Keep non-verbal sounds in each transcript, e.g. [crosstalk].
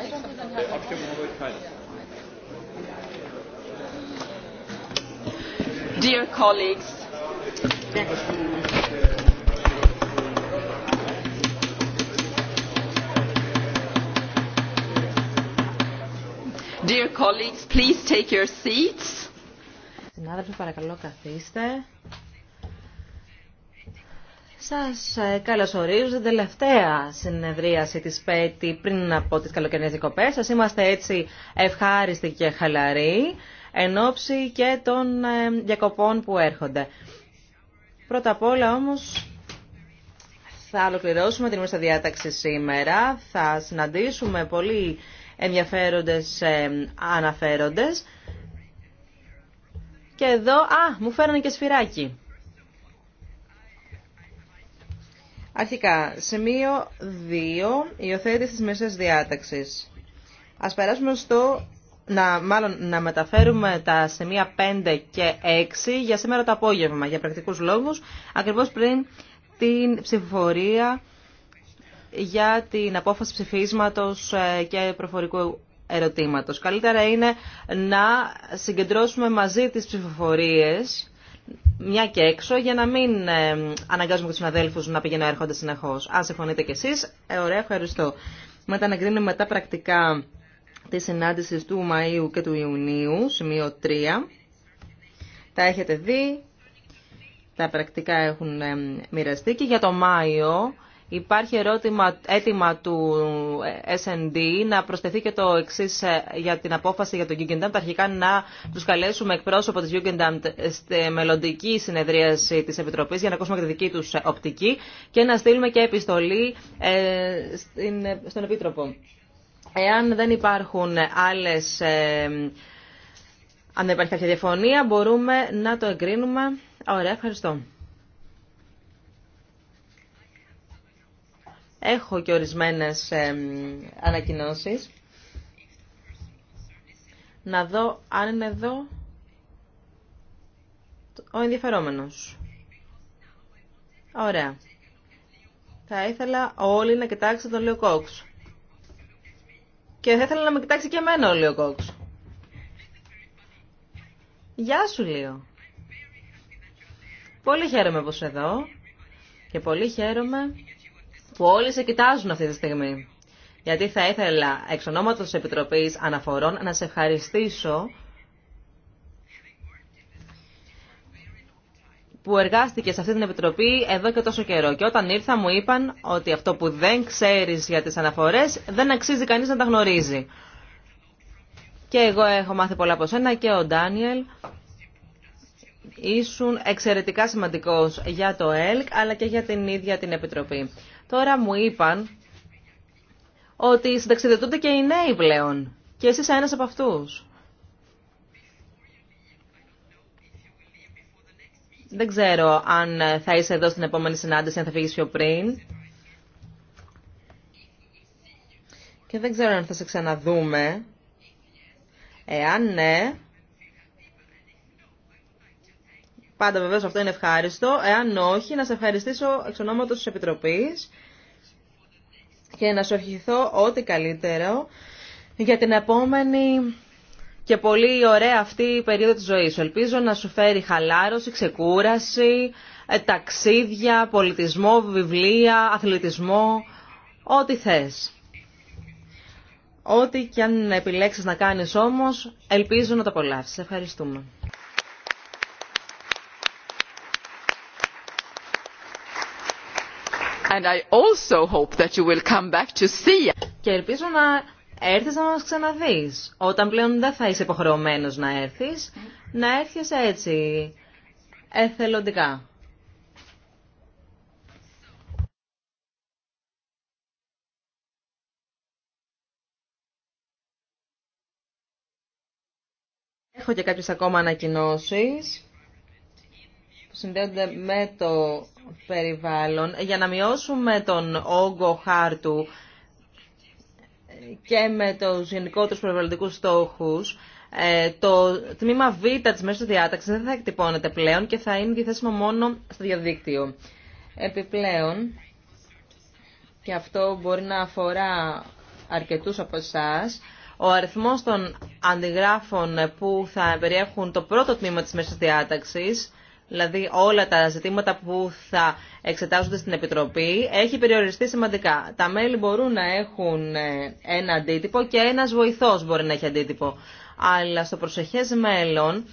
Dear colleagues, dear colleagues, please take your seats. Συνάδελφοι, παρακαλώ καθίστε. Σας ε, καλωσορίζω στην τελευταία συνεδρίαση της ΠΕΤΗ πριν από τις καλοκαιρινές δικοπές. Σας είμαστε έτσι ευχάριστοι και χαλαροί εν ώψη και των ε, διακοπών που έρχονται. Πρώτα απ' όλα όμως θα ολοκληρώσουμε την ημέρα διάταξη σήμερα. Θα συναντήσουμε πολύ ενδιαφέροντες ε, αναφέροντες. Και εδώ, α, μου φέρανε και σφυράκι. Αρχικά, σημείο 2, υιοθέτηση της μέσης διάταξης. Ας περάσουμε στο, να, μάλλον, να μεταφέρουμε τα σημεία 5 και 6 για σήμερα το απόγευμα, για πρακτικούς λόγους, ακριβώς πριν την ψηφοφορία για την απόφαση ψηφίσματος ε, και προφορικού ερωτήματος. Καλύτερα είναι να συγκεντρώσουμε μαζί τις ψηφοφορίες μια και έξω για να μην ε, αναγκάζουμε του συναδέλφου να πηγαίνουν έρχονται συνεχώ. Αν συμφωνείτε κι εσεί, ε, ωραία, ευχαριστώ. Μετά να κρίνουμε τα πρακτικά τη συνάντηση του Μαΐου και του Ιουνίου, σημείο 3. Τα έχετε δει. Τα πρακτικά έχουν ε, μοιραστεί και για το Μάιο Υπάρχει ερώτημα, αίτημα του SND να προσθεθεί και το εξή ε, για την απόφαση για τον Jugendamt. Αρχικά να του καλέσουμε εκπρόσωπο τη Jugendamt στη μελλοντική συνεδρίαση τη Επιτροπή για να ακούσουμε και τη δική του οπτική και να στείλουμε και επιστολή ε, στον Επίτροπο. Εάν δεν υπάρχουν άλλες, ε, αν δεν υπάρχει κάποια διαφωνία, μπορούμε να το εγκρίνουμε. Ωραία, ευχαριστώ. Έχω και ορισμένες ανακοινώσεις. Να δω αν είναι εδώ ο ενδιαφερόμενος. Ωραία. Θα ήθελα όλοι να κοιτάξετε τον Λίο Κόξ. Και θα ήθελα να με κοιτάξει και εμένα ο Λίο Κόξ. Γεια σου Λίο. Πολύ χαίρομαι που είσαι εδώ. Και πολύ χαίρομαι που όλοι σε κοιτάζουν αυτή τη στιγμή. Γιατί θα ήθελα εξ ονόματο της Επιτροπής Αναφορών να σε ευχαριστήσω που εργάστηκε σε αυτή την Επιτροπή εδώ και τόσο καιρό. Και όταν ήρθα μου είπαν ότι αυτό που δεν ξέρεις για τις αναφορές δεν αξίζει κανείς να τα γνωρίζει. Και εγώ έχω μάθει πολλά από σένα και ο Ντάνιελ ήσουν εξαιρετικά σημαντικός για το ΕΛΚ αλλά και για την ίδια την Επιτροπή. Τώρα μου είπαν ότι συνταξιδετούνται και οι νέοι πλέον. Και εσύ είσαι ένας από αυτούς. Δεν ξέρω αν θα είσαι εδώ στην επόμενη συνάντηση, αν θα φύγεις πιο πριν. Και δεν ξέρω αν θα σε ξαναδούμε. Εάν ναι... Πάντα βεβαίως αυτό είναι ευχάριστο. Εάν όχι, να σε ευχαριστήσω εξ ονόματος της Επιτροπής και να σου ευχηθώ ό,τι καλύτερο για την επόμενη και πολύ ωραία αυτή η περίοδο της ζωής σου. Ελπίζω να σου φέρει χαλάρωση, ξεκούραση, ε, ταξίδια, πολιτισμό, βιβλία, αθλητισμό, ό,τι θες. Ό,τι και αν επιλέξεις να κάνεις όμως, ελπίζω να το απολαύσεις. Ευχαριστούμε. and I also will come back to see. Και ελπίζω να έρθεις να μας ξαναδείς. Όταν πλέον δεν θα είσαι υποχρεωμένος να έρθεις, να έρχεσαι έτσι, εθελοντικά. Έχω και κάποιες ακόμα ανακοινώσεις συνδέονται με το περιβάλλον για να μειώσουμε τον όγκο χάρτου και με τους γενικότερους περιβαλλοντικούς στόχους ε, το τμήμα Β της μέσης διάταξης δεν θα εκτυπώνεται πλέον και θα είναι διαθέσιμο μόνο στο διαδίκτυο. Επιπλέον, και αυτό μπορεί να αφορά αρκετούς από εσά, ο αριθμός των αντιγράφων που θα περιέχουν το πρώτο τμήμα της μέσης διάταξης δηλαδή όλα τα ζητήματα που θα εξετάζονται στην Επιτροπή, έχει περιοριστεί σημαντικά. Τα μέλη μπορούν να έχουν ε, ένα αντίτυπο και ένας βοηθός μπορεί να έχει αντίτυπο. Αλλά στο προσεχές μέλλον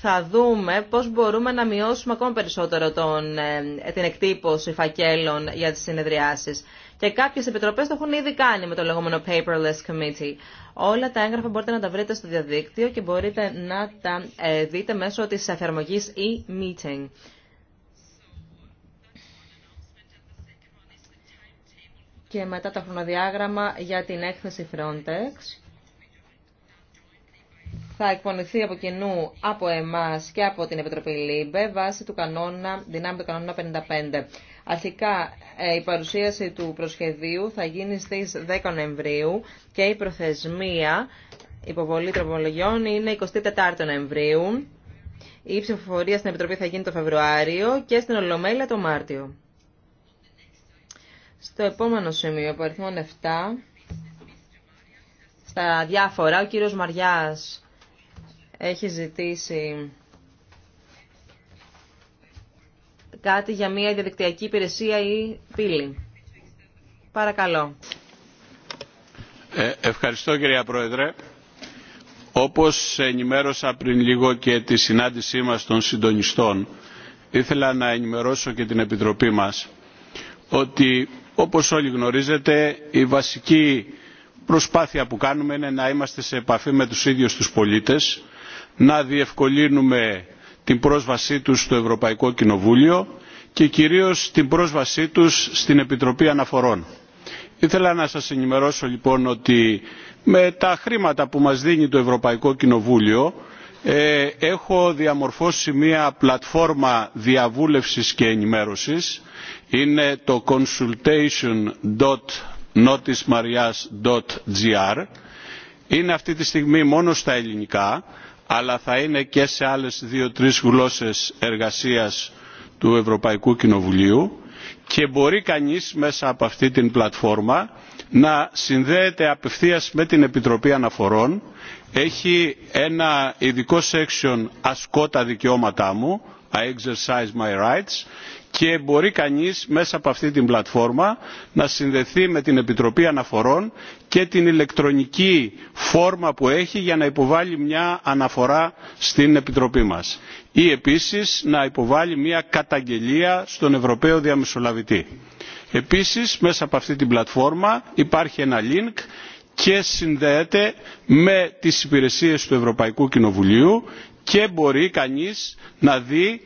θα δούμε πώς μπορούμε να μειώσουμε ακόμα περισσότερο τον, ε, την εκτύπωση φακέλων για τις συνεδριάσεις και κάποιες επιτροπές το έχουν ήδη κάνει με το λεγόμενο Paperless Committee. Όλα τα έγγραφα μπορείτε να τα βρείτε στο διαδίκτυο και μπορείτε να τα ε, δείτε μέσω της εφαρμογής e-meeting. Και μετά το χρονοδιάγραμμα για την έκθεση Frontex θα εκπονηθεί από κοινού από εμάς και από την Επιτροπή ΛΥΜΠΕ βάσει του κανόνα, δυνάμει του κανόνα 55. Αρχικά ε, η παρουσίαση του προσχεδίου θα γίνει στις 10 Νοεμβρίου και η προθεσμία υποβολή τροπολογιών είναι 24 Νοεμβρίου. Η ψηφοφορία στην Επιτροπή θα γίνει το Φεβρουάριο και στην Ολομέλεια το Μάρτιο. Στο επόμενο σημείο, από αριθμό 7, στα διάφορα, ο κύριος Μαριάς έχει ζητήσει κάτι για μια διαδικτυακή υπηρεσία ή πύλη. Παρακαλώ. Ε, ευχαριστώ κυρία Πρόεδρε. Όπως ενημέρωσα πριν λίγο και τη συνάντησή μας των συντονιστών, ήθελα να ενημερώσω και την Επιτροπή μας ότι όπως όλοι γνωρίζετε η βασική προσπάθεια που κάνουμε είναι να είμαστε σε επαφή με τους ίδιους τους πολίτες, να διευκολύνουμε την πρόσβασή τους στο Ευρωπαϊκό Κοινοβούλιο και κυρίως την πρόσβασή τους στην Επιτροπή Αναφορών. Ήθελα να σας ενημερώσω λοιπόν ότι με τα χρήματα που μας δίνει το Ευρωπαϊκό Κοινοβούλιο ε, έχω διαμορφώσει μια πλατφόρμα διαβούλευσης και ενημέρωσης. Είναι το consultation.notismarias.gr. Είναι αυτή τη στιγμή μόνο στα ελληνικά αλλά θα είναι και σε άλλες δύο-τρεις γλώσσες εργασίας του Ευρωπαϊκού Κοινοβουλίου και μπορεί κανείς μέσα από αυτή την πλατφόρμα να συνδέεται απευθείας με την Επιτροπή Αναφορών. Έχει ένα ειδικό section «Ασκώ τα δικαιώματά μου», «I exercise my rights» και μπορεί κανείς μέσα από αυτή την πλατφόρμα να συνδεθεί με την Επιτροπή Αναφορών και την ηλεκτρονική φόρμα που έχει για να υποβάλει μια αναφορά στην Επιτροπή μας ή επίσης να υποβάλει μια καταγγελία στον Ευρωπαίο Διαμεσολαβητή. Επίσης μέσα από αυτή την πλατφόρμα υπάρχει ένα link και συνδέεται με τις υπηρεσίες του Ευρωπαϊκού Κοινοβουλίου και μπορεί κανείς να δει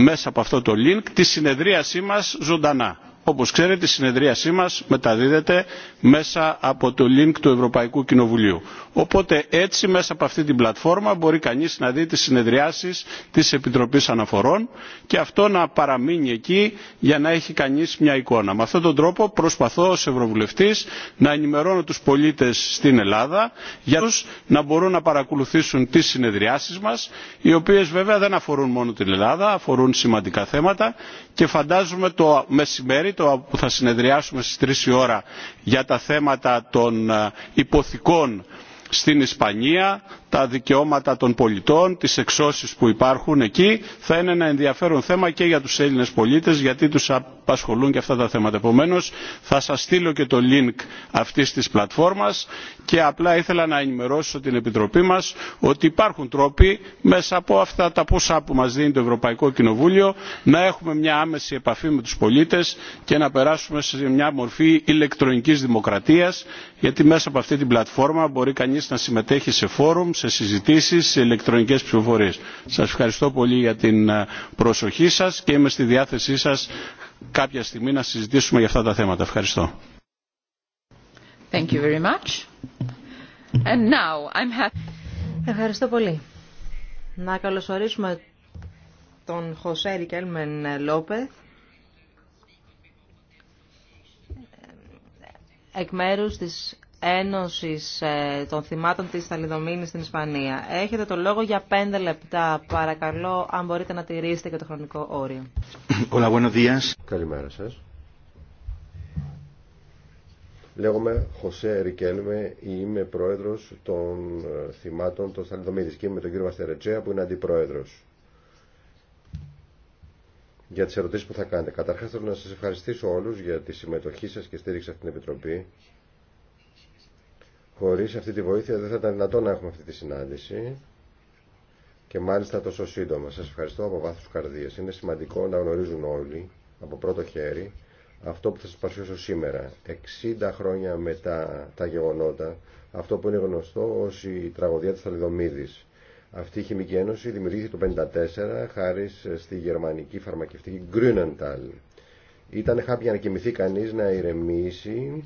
μέσα από αυτό το link τη συνεδρίασή μας ζωντανά. Όπως ξέρετε η συνεδρίασή μας μεταδίδεται μέσα από το link του Ευρωπαϊκού Κοινοβουλίου. Οπότε έτσι μέσα από αυτή την πλατφόρμα μπορεί κανείς να δει τις συνεδριάσεις της Επιτροπής Αναφορών και αυτό να παραμείνει εκεί για να έχει κανείς μια εικόνα. Με αυτόν τον τρόπο προσπαθώ ως Ευρωβουλευτής να ενημερώνω τους πολίτες στην Ελλάδα για τους να μπορούν να παρακολουθήσουν τις συνεδριάσεις μας οι οποίες βέβαια δεν αφορούν μόνο την Ελλάδα, αφορούν σημαντικά θέματα και φαντάζομαι το μεσημέρι τρίτο που θα συνεδριάσουμε στις 3 η ώρα για τα θέματα των ε, υποθηκών στην Ισπανία, τα δικαιώματα των πολιτών, τις εξώσεις που υπάρχουν εκεί, θα είναι ένα ενδιαφέρον θέμα και για τους Έλληνες πολίτες, γιατί τους απασχολούν και αυτά τα θέματα. Επομένως, θα σας στείλω και το link αυτής της πλατφόρμας και απλά ήθελα να ενημερώσω την Επιτροπή μας ότι υπάρχουν τρόποι μέσα από αυτά τα ποσά που μας δίνει το Ευρωπαϊκό Κοινοβούλιο να έχουμε μια άμεση επαφή με τους πολίτες και να περάσουμε σε μια μορφή ηλεκτρονικής δημοκρατίας, γιατί μέσα από αυτή την πλατφόρμα μπορεί κανείς να συμμετέχει σε φόρουμ, σε συζητήσεις, σε ηλεκτρονικές ψηφοφορίες. Σας ευχαριστώ πολύ για την ε, προσοχή σας και είμαι στη διάθεσή σας κάποια στιγμή να συζητήσουμε για αυτά τα θέματα. Ευχαριστώ. Thank you very much. And now I'm Ευχαριστώ πολύ. Να καλωσορίσουμε τον Χωσέ Ρικέλμεν Λόπεθ ε, εκ μέρους της Ένωση ε, των Θυμάτων τη Θαλιδομήνη στην Ισπανία. Έχετε το λόγο για πέντε λεπτά. Παρακαλώ, αν μπορείτε να τηρήσετε και το χρονικό όριο. [clears throat] Hola, buenos días. Καλημέρα σα. Λέγομαι Χωσέ Ρικέλμε, είμαι πρόεδρο των ε, θυμάτων των Θαλιδομήνη και είμαι τον κύριο Βαστερετσέα που είναι αντιπρόεδρο. Για τι ερωτήσει που θα κάνετε. καταρχά θέλω να σα ευχαριστήσω όλου για τη συμμετοχή σα και στήριξη αυτήν την Επιτροπή Χωρίς αυτή τη βοήθεια δεν θα ήταν δυνατόν να έχουμε αυτή τη συνάντηση και μάλιστα τόσο σύντομα. Σας ευχαριστώ από βάθος καρδίας. Είναι σημαντικό να γνωρίζουν όλοι από πρώτο χέρι αυτό που θα σας παρουσιάσω σήμερα, 60 χρόνια μετά τα γεγονότα, αυτό που είναι γνωστό ως η τραγωδία της Θαλιδομίδης. Αυτή η χημική ένωση δημιουργήθηκε το 1954 χάρη στη γερμανική φαρμακευτική Grünenthal. Ήταν χάπια να κοιμηθεί κανείς να ηρεμήσει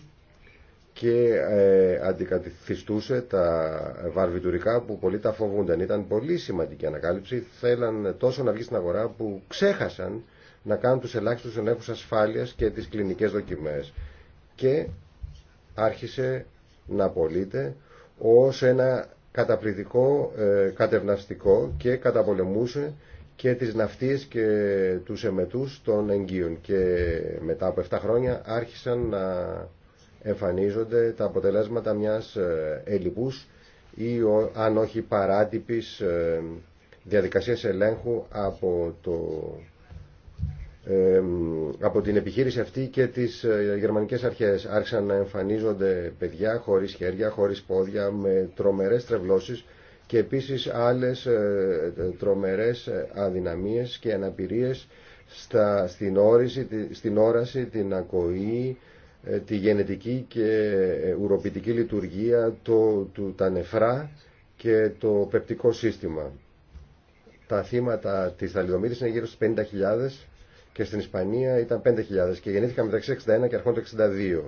και ε, αντικαθιστούσε τα βαρβιτουρικά που πολλοί τα φοβούνταν. Ήταν πολύ σημαντική ανακάλυψη. Θέλαν τόσο να βγει στην αγορά που ξέχασαν να κάνουν τους ελάχιστους ελέγχους ασφάλειας και τις κλινικές δοκιμές. Και άρχισε να απολύται ως ένα καταπληκτικό ε, κατευναστικό και καταπολεμούσε και τις ναυτίες και τους εμετούς των εγγύων. Και μετά από 7 χρόνια άρχισαν να εμφανίζονται τα αποτελέσματα μιας ε, ελλειπούς ή αν όχι παράτυπης ε, διαδικασίας ελέγχου από, το, ε, από την επιχείρηση αυτή και τις γερμανικές αρχές. Άρχισαν να εμφανίζονται παιδιά χωρίς χέρια, χωρίς πόδια, με τρομερές τρευλώσεις και επίσης άλλες τρομερές αδυναμίες και αναπηρίες στα, στην, στην όραση, την ακοή, ε, τη γενετική και ε, ουροπητική λειτουργία, το, του, τα νεφρά και το πεπτικό σύστημα. Τα θύματα της θαλιδομίδης είναι γύρω στις 50.000 και στην Ισπανία ήταν 5.000 και γεννήθηκαν μεταξύ 61 και αρχών 62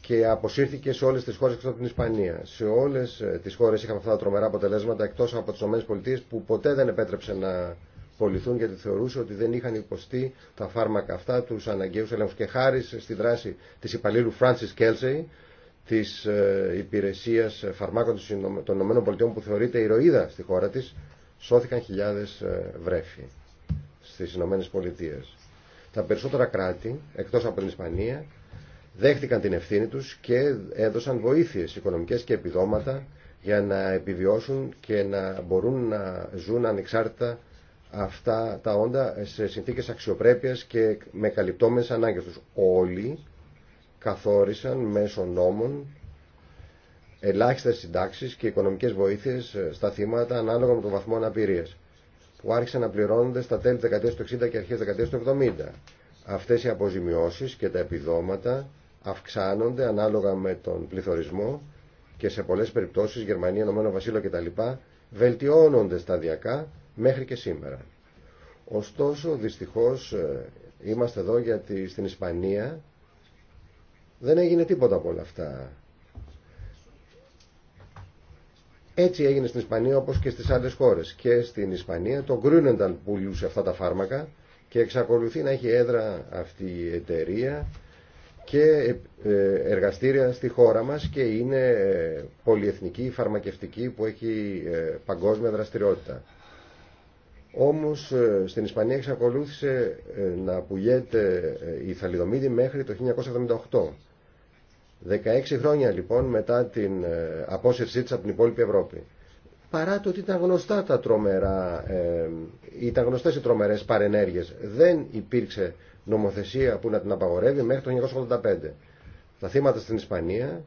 και αποσύρθηκε σε όλες τις χώρες εκτός από την Ισπανία. Σε όλες ε, τις χώρες είχαμε αυτά τα τρομερά αποτελέσματα εκτός από τις ΟΠΑ που ποτέ δεν επέτρεψε να πολιθούν γιατί θεωρούσε ότι δεν είχαν υποστεί τα φάρμακα αυτά, τους αναγκαίους έλεγχους. Και χάρη στη δράση της υπαλλήλου Francis Kelsey, της ε, υπηρεσίας φαρμάκων των ΗΠΑ που θεωρείται ηρωίδα στη χώρα της, σώθηκαν χιλιάδες ε, βρέφοι στις ΗΠΑ. Τα περισσότερα κράτη, εκτός από την Ισπανία, δέχτηκαν την ευθύνη τους και έδωσαν βοήθειες οικονομικές και επιδόματα για να επιβιώσουν και να μπορούν να ζουν ανεξάρτητα αυτά τα όντα σε συνθήκες αξιοπρέπειας και με καλυπτόμενες ανάγκες τους. Όλοι καθόρισαν μέσω νόμων ελάχιστες συντάξεις και οικονομικές βοήθειες στα θύματα ανάλογα με τον βαθμό αναπηρίας που άρχισαν να πληρώνονται στα τέλη δεκαετίας του 60 και αρχές δεκαετία του 70. Αυτές οι αποζημιώσεις και τα επιδόματα αυξάνονται ανάλογα με τον πληθωρισμό και σε πολλές περιπτώσεις Γερμανία, Ηνωμένο Βασίλειο κτλ. βελτιώνονται σταδιακά μέχρι και σήμερα. Ωστόσο, δυστυχώς, ε, είμαστε εδώ γιατί στην Ισπανία δεν έγινε τίποτα από όλα αυτά. Έτσι έγινε στην Ισπανία όπως και στις άλλες χώρες. Και στην Ισπανία το Grünenthal πουλούσε αυτά τα φάρμακα και εξακολουθεί να έχει έδρα αυτή η εταιρεία και ε, ε, εργαστήρια στη χώρα μας και είναι πολυεθνική φαρμακευτική που έχει παγκόσμια δραστηριότητα. Όμως ε, στην Ισπανία εξακολούθησε ε, να πουλιέται ε, η θαλιδομίδη μέχρι το 1978. 16 χρόνια λοιπόν μετά την απόσυρσή της από την υπόλοιπη Ευρώπη. Παρά το ότι ήταν γνωστά τα τρομερά, ήταν γνωστές οι τρομερές παρενέργειες, δεν υπήρξε νομοθεσία που να την απαγορεύει μέχρι το 1985. Τα θύματα στην Ισπανία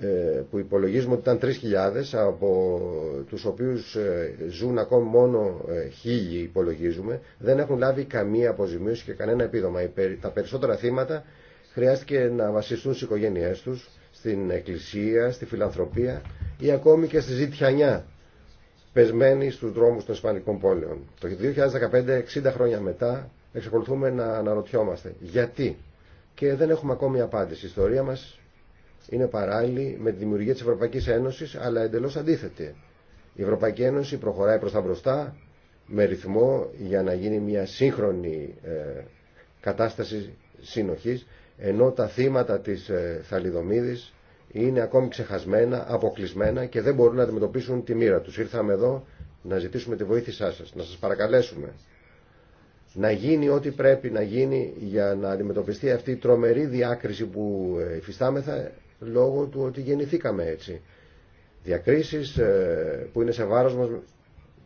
ε, που υπολογίζουμε ότι ήταν 3.000 από τους οποίους ε, ζουν ακόμη μόνο 1.000 ε, υπολογίζουμε δεν έχουν λάβει καμία αποζημίωση και κανένα επίδομα. Τα περισσότερα θύματα χρειάστηκε να βασιστούν στις οικογένειές τους, στην εκκλησία, στη φιλανθρωπία ή ακόμη και στη ζητιανιά πεσμένη στους δρόμους των Ισπανικών πόλεων. Το 2015, 60 χρόνια μετά, εξακολουθούμε να αναρωτιόμαστε γιατί και δεν έχουμε ακόμη απάντηση. Η ιστορία μας είναι παράλληλη με τη δημιουργία της Ευρωπαϊκής Ένωσης, αλλά εντελώς αντίθετη. Η Ευρωπαϊκή Ένωση προχωράει προς τα μπροστά με ρυθμό για να γίνει μια σύγχρονη ε, κατάσταση συνοχής, ενώ τα θύματα της ε, θαλιδομίδης είναι ακόμη ξεχασμένα, αποκλεισμένα και δεν μπορούν να αντιμετωπίσουν τη μοίρα τους. Ήρθαμε εδώ να ζητήσουμε τη βοήθησά σας, να σας παρακαλέσουμε να γίνει ό,τι πρέπει να γίνει για να αντιμετωπιστεί αυτή η τρομερή διάκριση που ε, υφιστάμεθα λόγω του ότι γεννηθήκαμε έτσι. Διακρίσεις ε, που είναι σε βάρος μας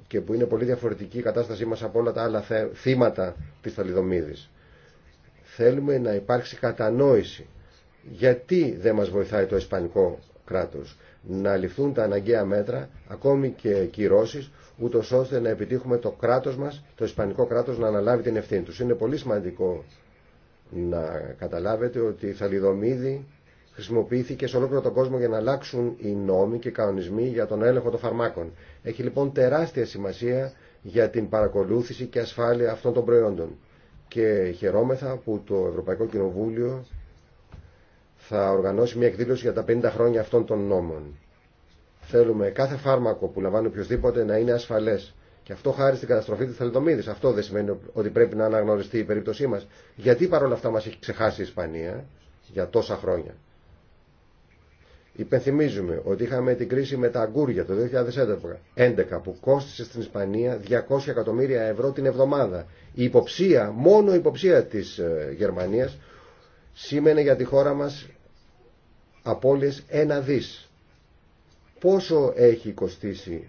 και που είναι πολύ διαφορετική η κατάστασή μας από όλα τα άλλα θύματα της θαλιδομίδης. Θέλουμε να υπάρξει κατανόηση. Γιατί δεν μας βοηθάει το Ισπανικό κράτος να ληφθούν τα αναγκαία μέτρα, ακόμη και κυρώσεις, ούτω ώστε να επιτύχουμε το κράτος μας, το Ισπανικό κράτος, να αναλάβει την ευθύνη τους. Είναι πολύ σημαντικό να καταλάβετε ότι η Θαλιδομίδη χρησιμοποιήθηκε σε ολόκληρο τον κόσμο για να αλλάξουν οι νόμοι και οι κανονισμοί για τον έλεγχο των φαρμάκων. Έχει λοιπόν τεράστια σημασία για την παρακολούθηση και ασφάλεια αυτών των προϊόντων. Και χαιρόμεθα που το Ευρωπαϊκό Κοινοβούλιο θα οργανώσει μια εκδήλωση για τα 50 χρόνια αυτών των νόμων. Θέλουμε κάθε φάρμακο που λαμβάνει οποιοδήποτε να είναι ασφαλέ. Και αυτό χάρη στην καταστροφή τη Θελτομίδη. Αυτό δεν σημαίνει ότι πρέπει να αναγνωριστεί η περίπτωσή μα. Γιατί παρόλα αυτά μα έχει ξεχάσει η Ισπανία για τόσα χρόνια. Υπενθυμίζουμε ότι είχαμε την κρίση με τα αγκούρια το 2011 που κόστησε στην Ισπανία 200 εκατομμύρια ευρώ την εβδομάδα. Η υποψία, μόνο η υποψία της ε, Γερμανίας σήμαινε για τη χώρα μας απώλειες ένα δις. Πόσο έχει κοστίσει,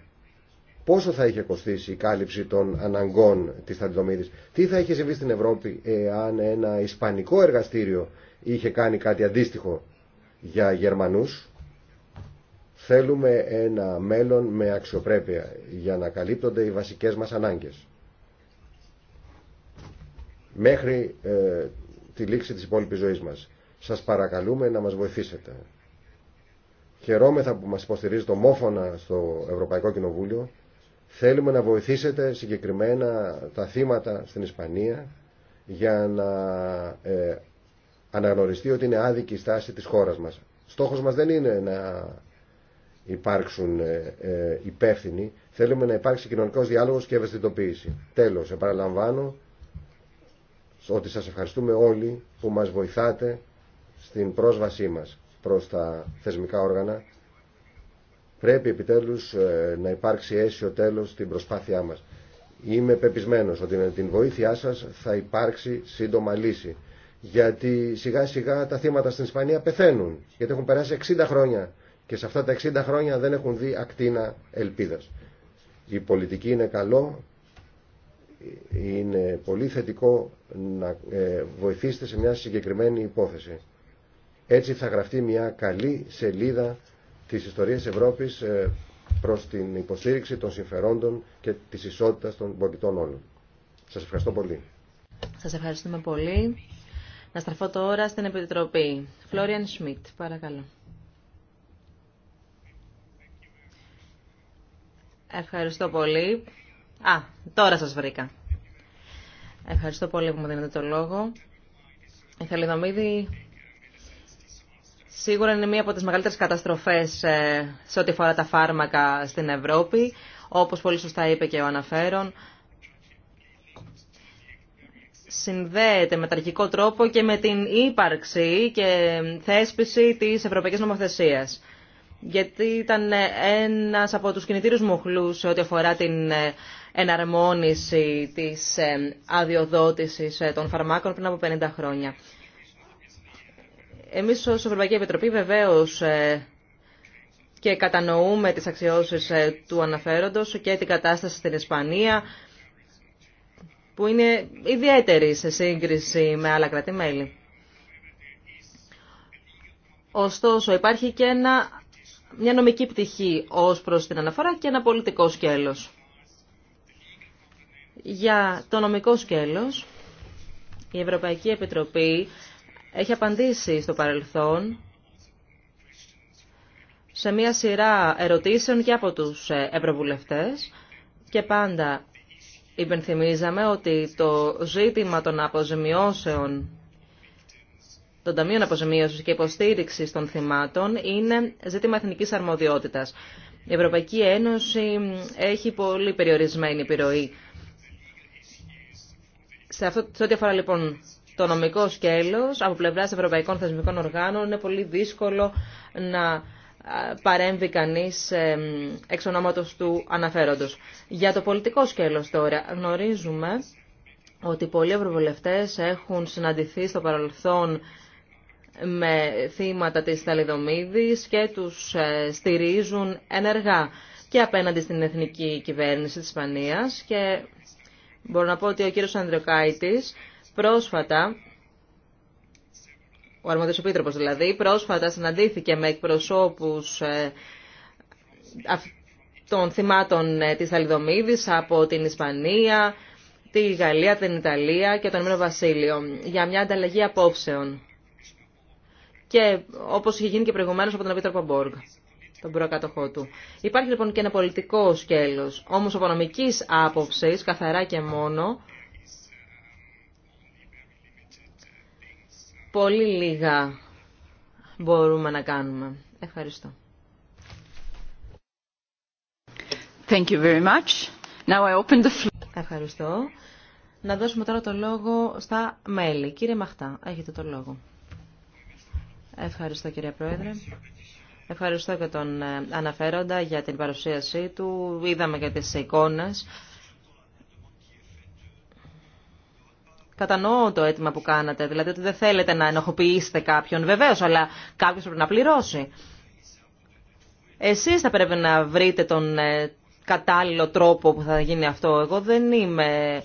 πόσο θα είχε κοστίσει η κάλυψη των αναγκών της Θαντιδομίδης, τι θα είχε συμβεί στην Ευρώπη αν ένα ισπανικό εργαστήριο είχε κάνει κάτι αντίστοιχο για Γερμανούς Θέλουμε ένα μέλλον με αξιοπρέπεια για να καλύπτονται οι βασικές μας ανάγκες. Μέχρι ε, τη λήξη της υπόλοιπης ζωής μας. Σας παρακαλούμε να μας βοηθήσετε. Χαιρόμεθα που μας υποστηρίζετε ομόφωνα στο Ευρωπαϊκό Κοινοβούλιο. Θέλουμε να βοηθήσετε συγκεκριμένα τα θύματα στην Ισπανία για να ε, αναγνωριστεί ότι είναι άδικη η στάση της χώρας μας. Στόχος μας δεν είναι να υπάρξουν ε, ε, υπεύθυνοι. Θέλουμε να υπάρξει κοινωνικό διάλογο και ευαισθητοποίηση. Τέλο, επαναλαμβάνω ότι σα ευχαριστούμε όλοι που μα βοηθάτε στην πρόσβασή μα προ τα θεσμικά όργανα. Πρέπει επιτέλους ε, να υπάρξει αίσιο τέλο στην προσπάθειά μα. Είμαι πεπισμένος ότι με την βοήθειά σα θα υπάρξει σύντομα λύση. Γιατί σιγά σιγά τα θύματα στην Ισπανία πεθαίνουν. Γιατί έχουν περάσει 60 χρόνια και σε αυτά τα 60 χρόνια δεν έχουν δει ακτίνα ελπίδας. Η πολιτική είναι καλό, είναι πολύ θετικό να ε, βοηθήσετε σε μια συγκεκριμένη υπόθεση. Έτσι θα γραφτεί μια καλή σελίδα της ιστορίας Ευρώπης ε, προς την υποστήριξη των συμφερόντων και της ισότητας των πολιτών όλων. Σας ευχαριστώ πολύ. Σας ευχαριστούμε πολύ. Να στραφώ τώρα στην Επιτροπή. Φλόριαν Σμιτ, παρακαλώ. Ευχαριστώ πολύ. Α, τώρα σας βρήκα. Ευχαριστώ πολύ που μου δίνετε το λόγο. Η Θελιδομίδη σίγουρα είναι μία από τις μεγαλύτερες καταστροφές ε, σε ό,τι αφορά τα φάρμακα στην Ευρώπη. Όπως πολύ σωστά είπε και ο αναφέρον, συνδέεται με τραγικό τρόπο και με την ύπαρξη και θέσπιση της Ευρωπαϊκής Νομοθεσίας γιατί ήταν ένας από τους κινητήρους μοχλούς σε ό,τι αφορά την ε, εναρμόνιση της ε, αδειοδότησης ε, των φαρμάκων πριν από 50 χρόνια. Εμείς ως Ευρωπαϊκή Επιτροπή βεβαίως και κατανοούμε τις αξιώσεις του αναφέροντος και την κατάσταση στην Ισπανία που είναι ιδιαίτερη σε σύγκριση με άλλα κρατημέλη. Ωστόσο, υπάρχει και ένα μια νομική πτυχή ως προς την αναφορά και ένα πολιτικό σκέλος. Για το νομικό σκέλος, η Ευρωπαϊκή Επιτροπή έχει απαντήσει στο παρελθόν σε μια σειρά ερωτήσεων και από τους ε, ευρωβουλευτές και πάντα υπενθυμίζαμε ότι το ζήτημα των αποζημιώσεων των Ταμείων Αποζημίωσης και Υποστήριξης των Θυμάτων είναι ζήτημα εθνικής αρμοδιότητας. Η Ευρωπαϊκή Ένωση έχει πολύ περιορισμένη επιρροή. Σε, αυτό, σε ό,τι αφορά λοιπόν το νομικό σκέλος, από πλευράς ευρωπαϊκών θεσμικών οργάνων, είναι πολύ δύσκολο να παρέμβει κανείς εξ ονόματος του αναφέροντος. Για το πολιτικό σκέλος τώρα, γνωρίζουμε ότι πολλοί ευρωβουλευτές έχουν συναντηθεί στο παρελθόν με θύματα της Θαλιδομίδης και τους ε, στηρίζουν ενεργά και απέναντι στην εθνική κυβέρνηση της Ισπανίας και μπορώ να πω ότι ο κύριος Ανδρεοκάητης πρόσφατα ο Αρμόδιος Επίτροπος δηλαδή, πρόσφατα συναντήθηκε με εκπροσώπους ε, των θυμάτων ε, της Θαλιδομίδης από την Ισπανία, τη Γαλλία, την Ιταλία και τον Ηνωμένο Βασίλειο για μια ανταλλαγή απόψεων και όπως είχε γίνει και προηγουμένω από τον Επίτροπο Μπόργκ, τον προκατοχό του. Υπάρχει λοιπόν και ένα πολιτικό σκέλος, όμως οικονομικής άποψη, καθαρά και μόνο, πολύ λίγα μπορούμε να κάνουμε. Ευχαριστώ. Thank you very much. Now I open the floor. Ευχαριστώ. Να δώσουμε τώρα το λόγο στα μέλη. Κύριε Μαχτά, έχετε το λόγο. Ευχαριστώ κύριε Πρόεδρε. Ευχαριστώ και τον ε, αναφέροντα για την παρουσίασή του. Είδαμε και τις εικόνες. Κατανοώ το αίτημα που κάνατε, δηλαδή ότι δεν θέλετε να ενοχοποιήσετε κάποιον, βεβαίως, αλλά κάποιος πρέπει να πληρώσει. Εσείς θα πρέπει να βρείτε τον ε, κατάλληλο τρόπο που θα γίνει αυτό. Εγώ δεν είμαι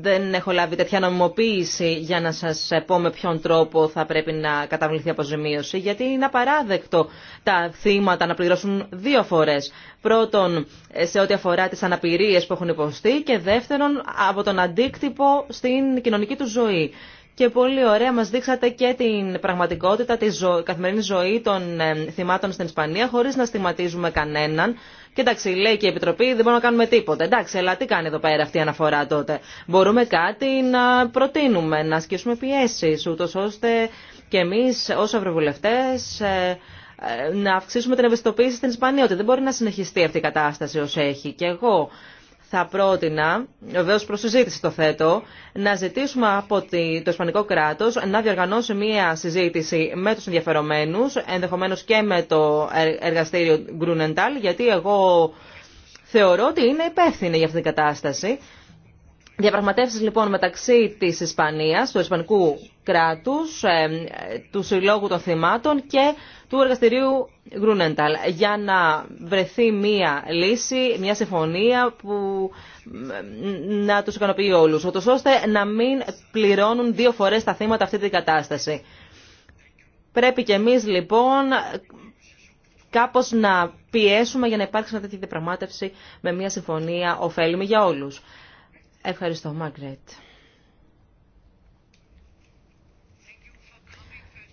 δεν έχω λάβει τέτοια νομιμοποίηση για να σας πω με ποιον τρόπο θα πρέπει να καταβληθεί αποζημίωση, γιατί είναι απαράδεκτο τα θύματα να πληρώσουν δύο φορές. Πρώτον, σε ό,τι αφορά τις αναπηρίες που έχουν υποστεί και δεύτερον, από τον αντίκτυπο στην κοινωνική του ζωή. Και πολύ ωραία μας δείξατε και την πραγματικότητα της καθημερινής ζωή των ε, θυμάτων στην Ισπανία, χωρίς να στιγματίζουμε κανέναν. Κοιτάξτε, λέει και η Επιτροπή, δεν μπορούμε να κάνουμε τίποτα. Εντάξει, αλλά τι κάνει εδώ πέρα αυτή η αναφορά τότε. Μπορούμε κάτι να προτείνουμε, να ασκήσουμε πιέσει, ούτω ώστε και εμεί ω ευρωβουλευτέ ε, ε, να αυξήσουμε την ευαισθητοποίηση στην Ισπανία ότι δεν μπορεί να συνεχιστεί αυτή η κατάσταση ω έχει. Και εγώ θα πρότεινα, βεβαίω προ συζήτηση το θέτω, να ζητήσουμε από το Ισπανικό κράτο να διοργανώσει μία συζήτηση με του ενδιαφερομένου, ενδεχομένω και με το ε, εργαστήριο Γκρούνενταλ, γιατί εγώ θεωρώ ότι είναι υπεύθυνοι για αυτήν την κατάσταση. Διαπραγματεύσεις λοιπόν μεταξύ της Ισπανίας, του Ισπανικού κράτους, ε, του Συλλόγου των Θυμάτων και του εργαστηρίου Γκρούνενταλ για να βρεθεί μία λύση, μία συμφωνία που να τους ικανοποιεί όλους, ούτως ώστε να μην πληρώνουν δύο φορές τα θύματα αυτή την κατάσταση. Πρέπει και εμείς λοιπόν κάπως να πιέσουμε για να υπάρξει μια τέτοια διαπραγμάτευση με μια συμφωνία ωφέλιμη για όλους. Ευχαριστώ, Μάγκρετ.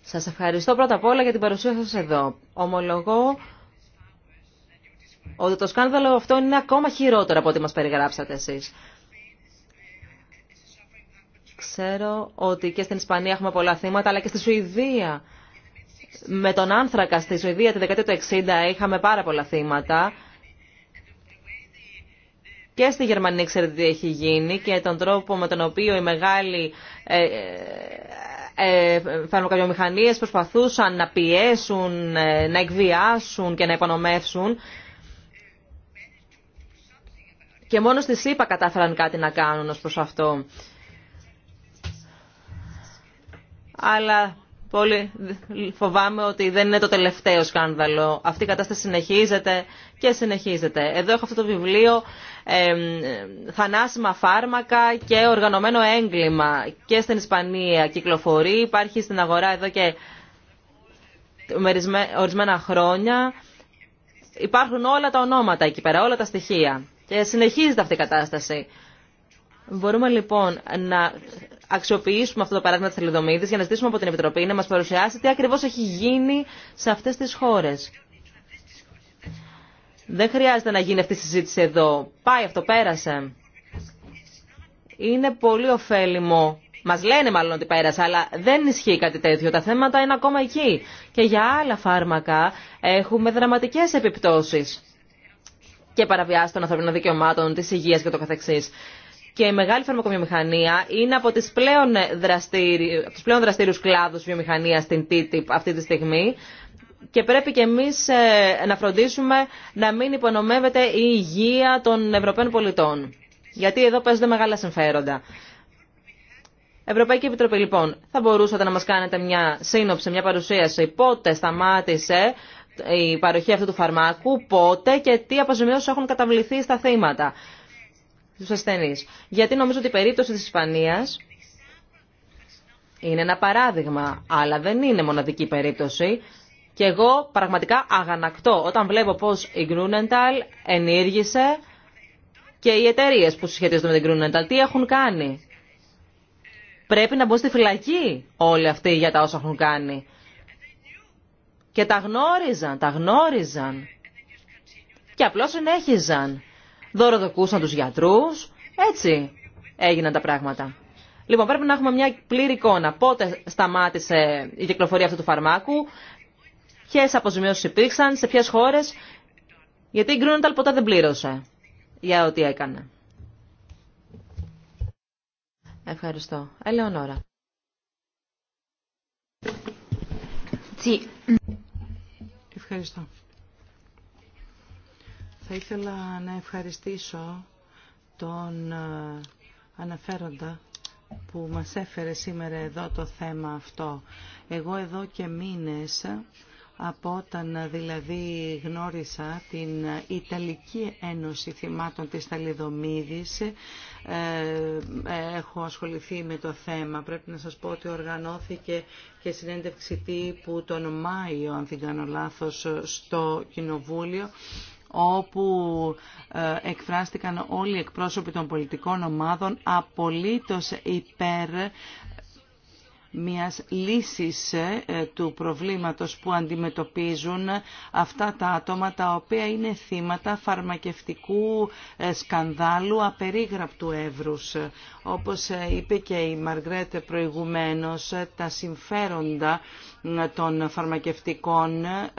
Σας ευχαριστώ πρώτα απ' όλα για την παρουσία σας εδώ. Ομολογώ ότι το σκάνδαλο αυτό είναι ακόμα χειρότερο από ό,τι μας περιγράψατε εσείς. Ξέρω ότι και στην Ισπανία έχουμε πολλά θύματα, αλλά και στη Σουηδία. Με τον άνθρακα στη Σουηδία τη δεκαετία του 60 είχαμε πάρα πολλά θύματα και στη Γερμανία ξέρετε τι έχει γίνει και τον τρόπο με τον οποίο οι μεγάλοι ε, ε, ε φαρμακοβιομηχανίες προσπαθούσαν να πιέσουν, ε, να εκβιάσουν και να υπονομεύσουν. Και μόνο στη ΣΥΠΑ κατάφεραν κάτι να κάνουν ως προς αυτό. Αλλά Πολύ φοβάμαι ότι δεν είναι το τελευταίο σκάνδαλο. Αυτή η κατάσταση συνεχίζεται και συνεχίζεται. Εδώ έχω αυτό το βιβλίο «Θανάσιμα φάρμακα και οργανωμένο έγκλημα» και στην Ισπανία κυκλοφορεί, υπάρχει στην αγορά εδώ και ορισμένα χρόνια. Υπάρχουν όλα τα ονόματα εκεί πέρα, όλα τα στοιχεία. Και συνεχίζεται αυτή η κατάσταση. Μπορούμε λοιπόν να αξιοποιήσουμε αυτό το παράδειγμα τη Θελιδομίδης για να ζητήσουμε από την Επιτροπή να μα παρουσιάσει τι ακριβώ έχει γίνει σε αυτέ τι χώρε. Δεν χρειάζεται να γίνει αυτή η συζήτηση εδώ. Πάει αυτό, πέρασε. Είναι πολύ ωφέλιμο. Μα λένε μάλλον ότι πέρασε, αλλά δεν ισχύει κάτι τέτοιο. Τα θέματα είναι ακόμα εκεί. Και για άλλα φάρμακα έχουμε δραματικέ επιπτώσει και παραβιάσει των ανθρωπίνων δικαιωμάτων, τη υγεία και το καθεξής και η μεγάλη φαρμακοβιομηχανία είναι από, τις πλέον δραστήρι, από τους πλέον δραστήριους κλάδους βιομηχανίας στην TTIP αυτή τη στιγμή και πρέπει και εμείς ε, να φροντίσουμε να μην υπονομεύεται η υγεία των Ευρωπαίων πολιτών. Γιατί εδώ παίζονται μεγάλα συμφέροντα. Ευρωπαϊκή Επιτροπή, λοιπόν, θα μπορούσατε να μας κάνετε μια σύνοψη, μια παρουσίαση πότε σταμάτησε η παροχή αυτού του φαρμάκου, πότε και τι αποζημιώσεις έχουν καταβληθεί στα θύματα τους ασθενείς. Γιατί νομίζω ότι η περίπτωση τη Ισπανίας είναι ένα παράδειγμα, αλλά δεν είναι μοναδική περίπτωση. Και εγώ πραγματικά αγανακτώ όταν βλέπω πώς η Grunenthal ενήργησε και οι εταιρείε που συσχετίζονται με την Grunenthal, τι έχουν κάνει. Πρέπει να μπουν στη φυλακή όλοι αυτοί για τα όσα έχουν κάνει. Και τα γνώριζαν, τα γνώριζαν. Και απλώς συνέχιζαν δωροδοκούσαν τους γιατρούς. Έτσι έγιναν τα πράγματα. Λοιπόν, πρέπει να έχουμε μια πλήρη εικόνα. Πότε σταμάτησε η κυκλοφορία αυτού του φαρμάκου, ποιε αποζημιώσει υπήρξαν, σε ποιε χώρε. Γιατί η Γκρούνταλ ποτέ δεν πλήρωσε για ό,τι έκανε. Ευχαριστώ. Ελεονόρα. Ευχαριστώ. Θα ήθελα να ευχαριστήσω τον ε, αναφέροντα που μας έφερε σήμερα εδώ το θέμα αυτό. Εγώ εδώ και μήνες από όταν ε, δηλαδή γνώρισα την ε, Ιταλική Ένωση Θυμάτων της Ταλιδομίδης έχω ασχοληθεί με το θέμα. Πρέπει να σας πω ότι οργανώθηκε και συνέντευξη τύπου τον Μάιο, αν δεν κάνω λάθος, στο Κοινοβούλιο όπου ε, εκφράστηκαν όλοι οι εκπρόσωποι των πολιτικών ομάδων απολύτως υπέρ μιας λύσης ε, του προβλήματος που αντιμετωπίζουν αυτά τα άτομα τα οποία είναι θύματα φαρμακευτικού ε, σκανδάλου απερίγραπτου εύρους. Όπως είπε και η Μαργρέτε προηγουμένως, τα συμφέροντα των φαρμακευτικών ε,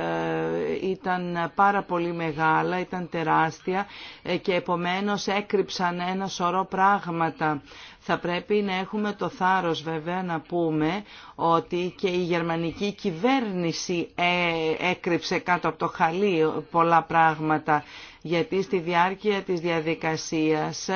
ήταν πάρα πολύ μεγάλα, ήταν τεράστια ε, και επομένως έκρυψαν ένα σωρό πράγματα. Θα πρέπει να έχουμε το θάρρος βέβαια να πούμε ότι και η γερμανική κυβέρνηση ε, έκρυψε κάτω από το χαλί πολλά πράγματα γιατί στη διάρκεια της διαδικασίας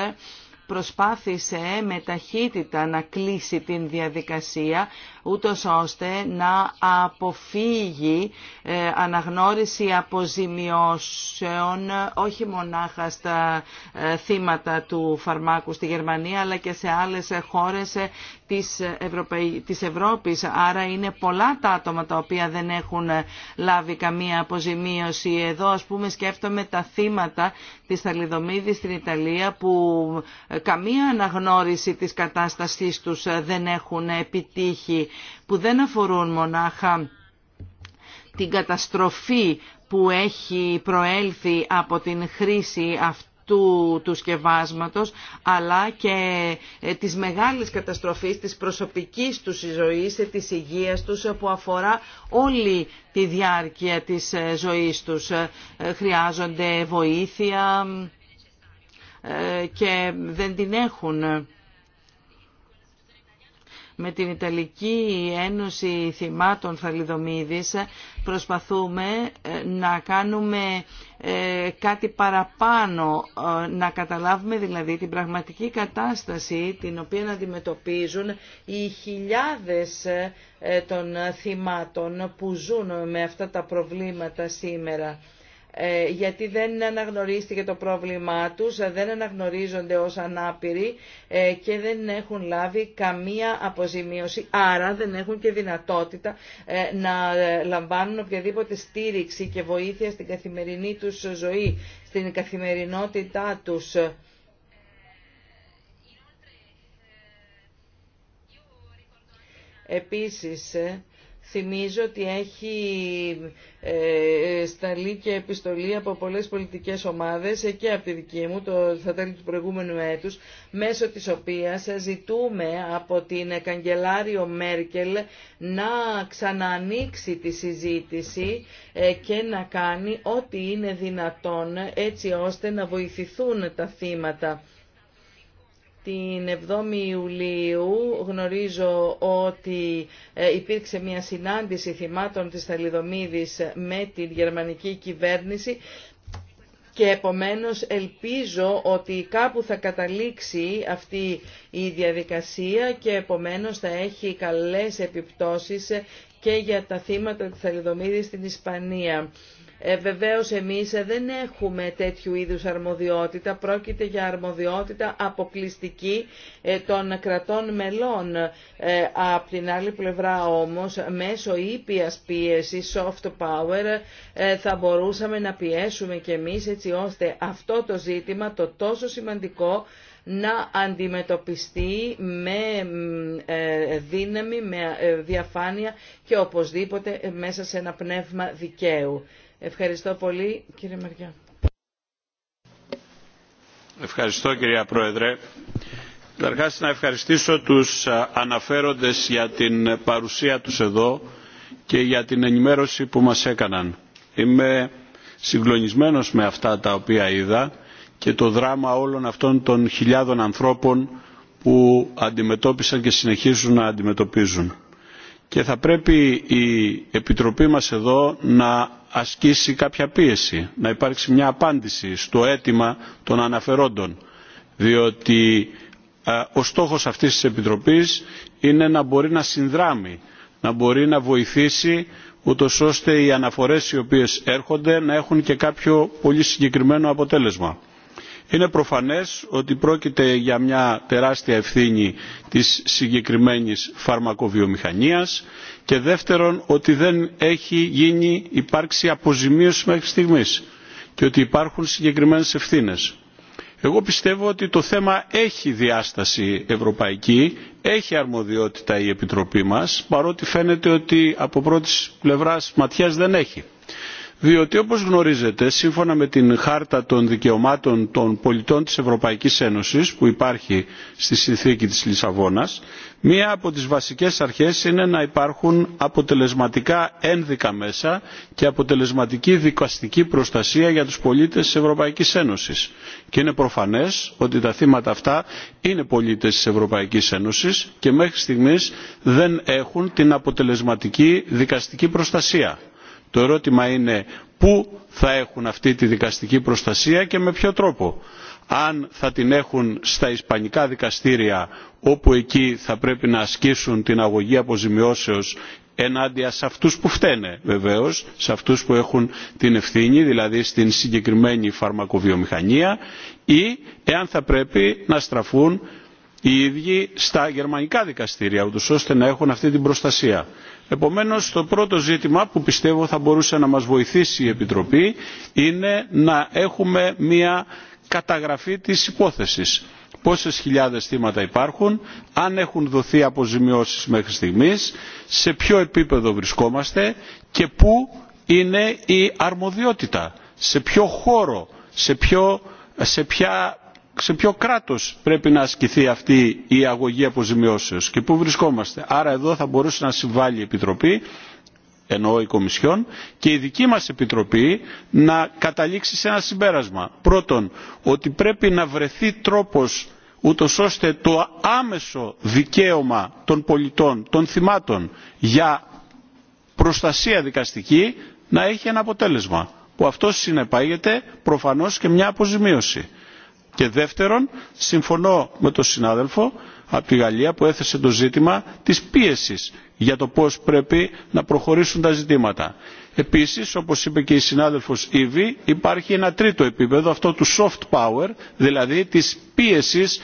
προσπάθησε με ταχύτητα να κλείσει την διαδικασία ούτως ώστε να αποφύγει ε, αναγνώριση αποζημιώσεων όχι μονάχα στα ε, θύματα του φαρμάκου στη Γερμανία αλλά και σε άλλες χώρες ε, της, Ευρωπαϊ... της Ευρώπης. Άρα είναι πολλά τα άτομα τα οποία δεν έχουν λάβει καμία αποζημίωση. Εδώ ας πούμε σκέφτομαι τα θύματα της θαλιδομίδης στην Ιταλία που ε, καμία αναγνώριση της κατάστασής τους ε, δεν έχουν επιτύχει, που δεν αφορούν μονάχα την καταστροφή που έχει προέλθει από την χρήση αυτή του, του σκευάσματος αλλά και ε, της μεγάλης καταστροφής της προσωπικής τους ζωής, ε, της υγείας τους ε, που αφορά όλη τη διάρκεια της ζωής τους. Χρειάζονται βοήθεια και δεν την έχουν. Με την Ιταλική Ένωση Θυμάτων Θαλιδομίδης προσπαθούμε ε, να κάνουμε ε, κάτι παραπάνω, ε, να καταλάβουμε δηλαδή την πραγματική κατάσταση την οποία αντιμετωπίζουν οι χιλιάδες των θυμάτων που ζουν με αυτά τα προβλήματα σήμερα. Ε, γιατί δεν αναγνωρίστηκε το πρόβλημά τους, δεν αναγνωρίζονται ως ανάπηροι ε, και δεν έχουν λάβει καμία αποζημίωση, άρα δεν έχουν και δυνατότητα ε, να λαμβάνουν οποιαδήποτε στήριξη και βοήθεια στην καθημερινή τους ζωή, στην καθημερινότητά τους. Επίσης, Θυμίζω ότι έχει ε, σταλεί και επιστολή από πολλές πολιτικές ομάδες ε, και από τη δική μου, το, θα τέλει του προηγούμενου έτους, μέσω της οποίας ζητούμε από την καγκελάριο Μέρκελ να ξανανοίξει τη συζήτηση ε, και να κάνει ό,τι είναι δυνατόν έτσι ώστε να βοηθηθούν τα θύματα την 7η Ιουλίου γνωρίζω ότι ε, υπήρξε μια συνάντηση θυμάτων της Θαλιδομίδης με την γερμανική κυβέρνηση και επομένως ελπίζω ότι κάπου θα καταλήξει αυτή η διαδικασία και επομένως θα έχει καλές επιπτώσεις και για τα θύματα της Θαλιδομίδης στην Ισπανία. Ε, βεβαίως εμείς ε, δεν έχουμε τέτοιου είδους αρμοδιότητα, πρόκειται για αρμοδιότητα αποκλειστική ε, των κρατών μελών. Ε, απ' την άλλη πλευρά όμως, μέσω ήπιας πίεση, soft power, θα μπορούσαμε να πιέσουμε κι εμείς έτσι ώστε αυτό το ζήτημα, το τόσο σημαντικό, να αντιμετωπιστεί με δύναμη, με διαφάνεια και οπωσδήποτε μέσα σε ένα πνεύμα δικαίου. Ευχαριστώ πολύ κύριε Μαριά. Ευχαριστώ κυρία Πρόεδρε. Καταρχάς να ευχαριστήσω τους αναφέροντες για την παρουσία τους εδώ και για την ενημέρωση που μας έκαναν. Είμαι συγκλονισμένος με αυτά τα οποία είδα και το δράμα όλων αυτών των χιλιάδων ανθρώπων που αντιμετώπισαν και συνεχίζουν να αντιμετωπίζουν. Και θα πρέπει η Επιτροπή μας εδώ να ασκήσει κάποια πίεση, να υπάρξει μια απάντηση στο αίτημα των αναφερόντων. Διότι ο στόχος αυτής της Επιτροπής είναι να μπορεί να συνδράμει, να μπορεί να βοηθήσει ούτως ώστε οι αναφορές οι οποίες έρχονται να έχουν και κάποιο πολύ συγκεκριμένο αποτέλεσμα είναι προφανές ότι πρόκειται για μια τεράστια ευθύνη της συγκεκριμένης φαρμακοβιομηχανίας και δεύτερον ότι δεν έχει γίνει υπάρξη αποζημίωση μέχρι στιγμής και ότι υπάρχουν συγκεκριμένες ευθύνες. Εγώ πιστεύω ότι το θέμα έχει διάσταση ευρωπαϊκή, έχει αρμοδιότητα η Επιτροπή μας, παρότι φαίνεται ότι από πρώτης πλευράς ματιάς δεν έχει διότι όπως γνωρίζετε σύμφωνα με την χάρτα των δικαιωμάτων των πολιτών της Ευρωπαϊκής Ένωσης που υπάρχει στη συνθήκη της Λισαβόνας μία από τις βασικές αρχές είναι να υπάρχουν αποτελεσματικά ένδικα μέσα και αποτελεσματική δικαστική προστασία για τους πολίτες της Ευρωπαϊκής Ένωσης και είναι προφανές ότι τα θύματα αυτά είναι πολίτες της Ευρωπαϊκής Ένωσης και μέχρι στιγμής δεν έχουν την αποτελεσματική δικαστική προστασία. Το ερώτημα είναι πού θα έχουν αυτή τη δικαστική προστασία και με ποιο τρόπο. Αν θα την έχουν στα ισπανικά δικαστήρια όπου εκεί θα πρέπει να ασκήσουν την αγωγή αποζημιώσεως ενάντια σε αυτούς που φταίνε βεβαίως, σε αυτούς που έχουν την ευθύνη, δηλαδή στην συγκεκριμένη φαρμακοβιομηχανία ή εάν θα πρέπει να στραφούν οι ίδιοι στα γερμανικά δικαστήρια, ούτως ώστε να έχουν αυτή την προστασία. Επομένως το πρώτο ζήτημα που πιστεύω θα μπορούσε να μας βοηθήσει η Επιτροπή είναι να έχουμε μια καταγραφή της υπόθεσης. Πόσες χιλιάδες θύματα υπάρχουν, αν έχουν δοθεί αποζημιώσεις μέχρι στιγμής, σε ποιο επίπεδο βρισκόμαστε και πού είναι η αρμοδιότητα, σε ποιο χώρο, σε, ποιο, σε ποια σε ποιο κράτος πρέπει να ασκηθεί αυτή η αγωγή αποζημιώσεως και πού βρισκόμαστε. Άρα εδώ θα μπορούσε να συμβάλλει η Επιτροπή, εννοώ η Κομισιόν, και η δική μας Επιτροπή να καταλήξει σε ένα συμπέρασμα. Πρώτον, ότι πρέπει να βρεθεί τρόπος ούτω ώστε το άμεσο δικαίωμα των πολιτών, των θυμάτων για προστασία δικαστική να έχει ένα αποτέλεσμα που αυτό συνεπάγεται προφανώς και μια αποζημίωση. Και δεύτερον, συμφωνώ με τον συνάδελφο από τη Γαλλία που έθεσε το ζήτημα της πίεσης για το πώς πρέπει να προχωρήσουν τα ζητήματα. Επίσης, όπως είπε και η συνάδελφος Ήβη, υπάρχει ένα τρίτο επίπεδο, αυτό του soft power, δηλαδή της πίεσης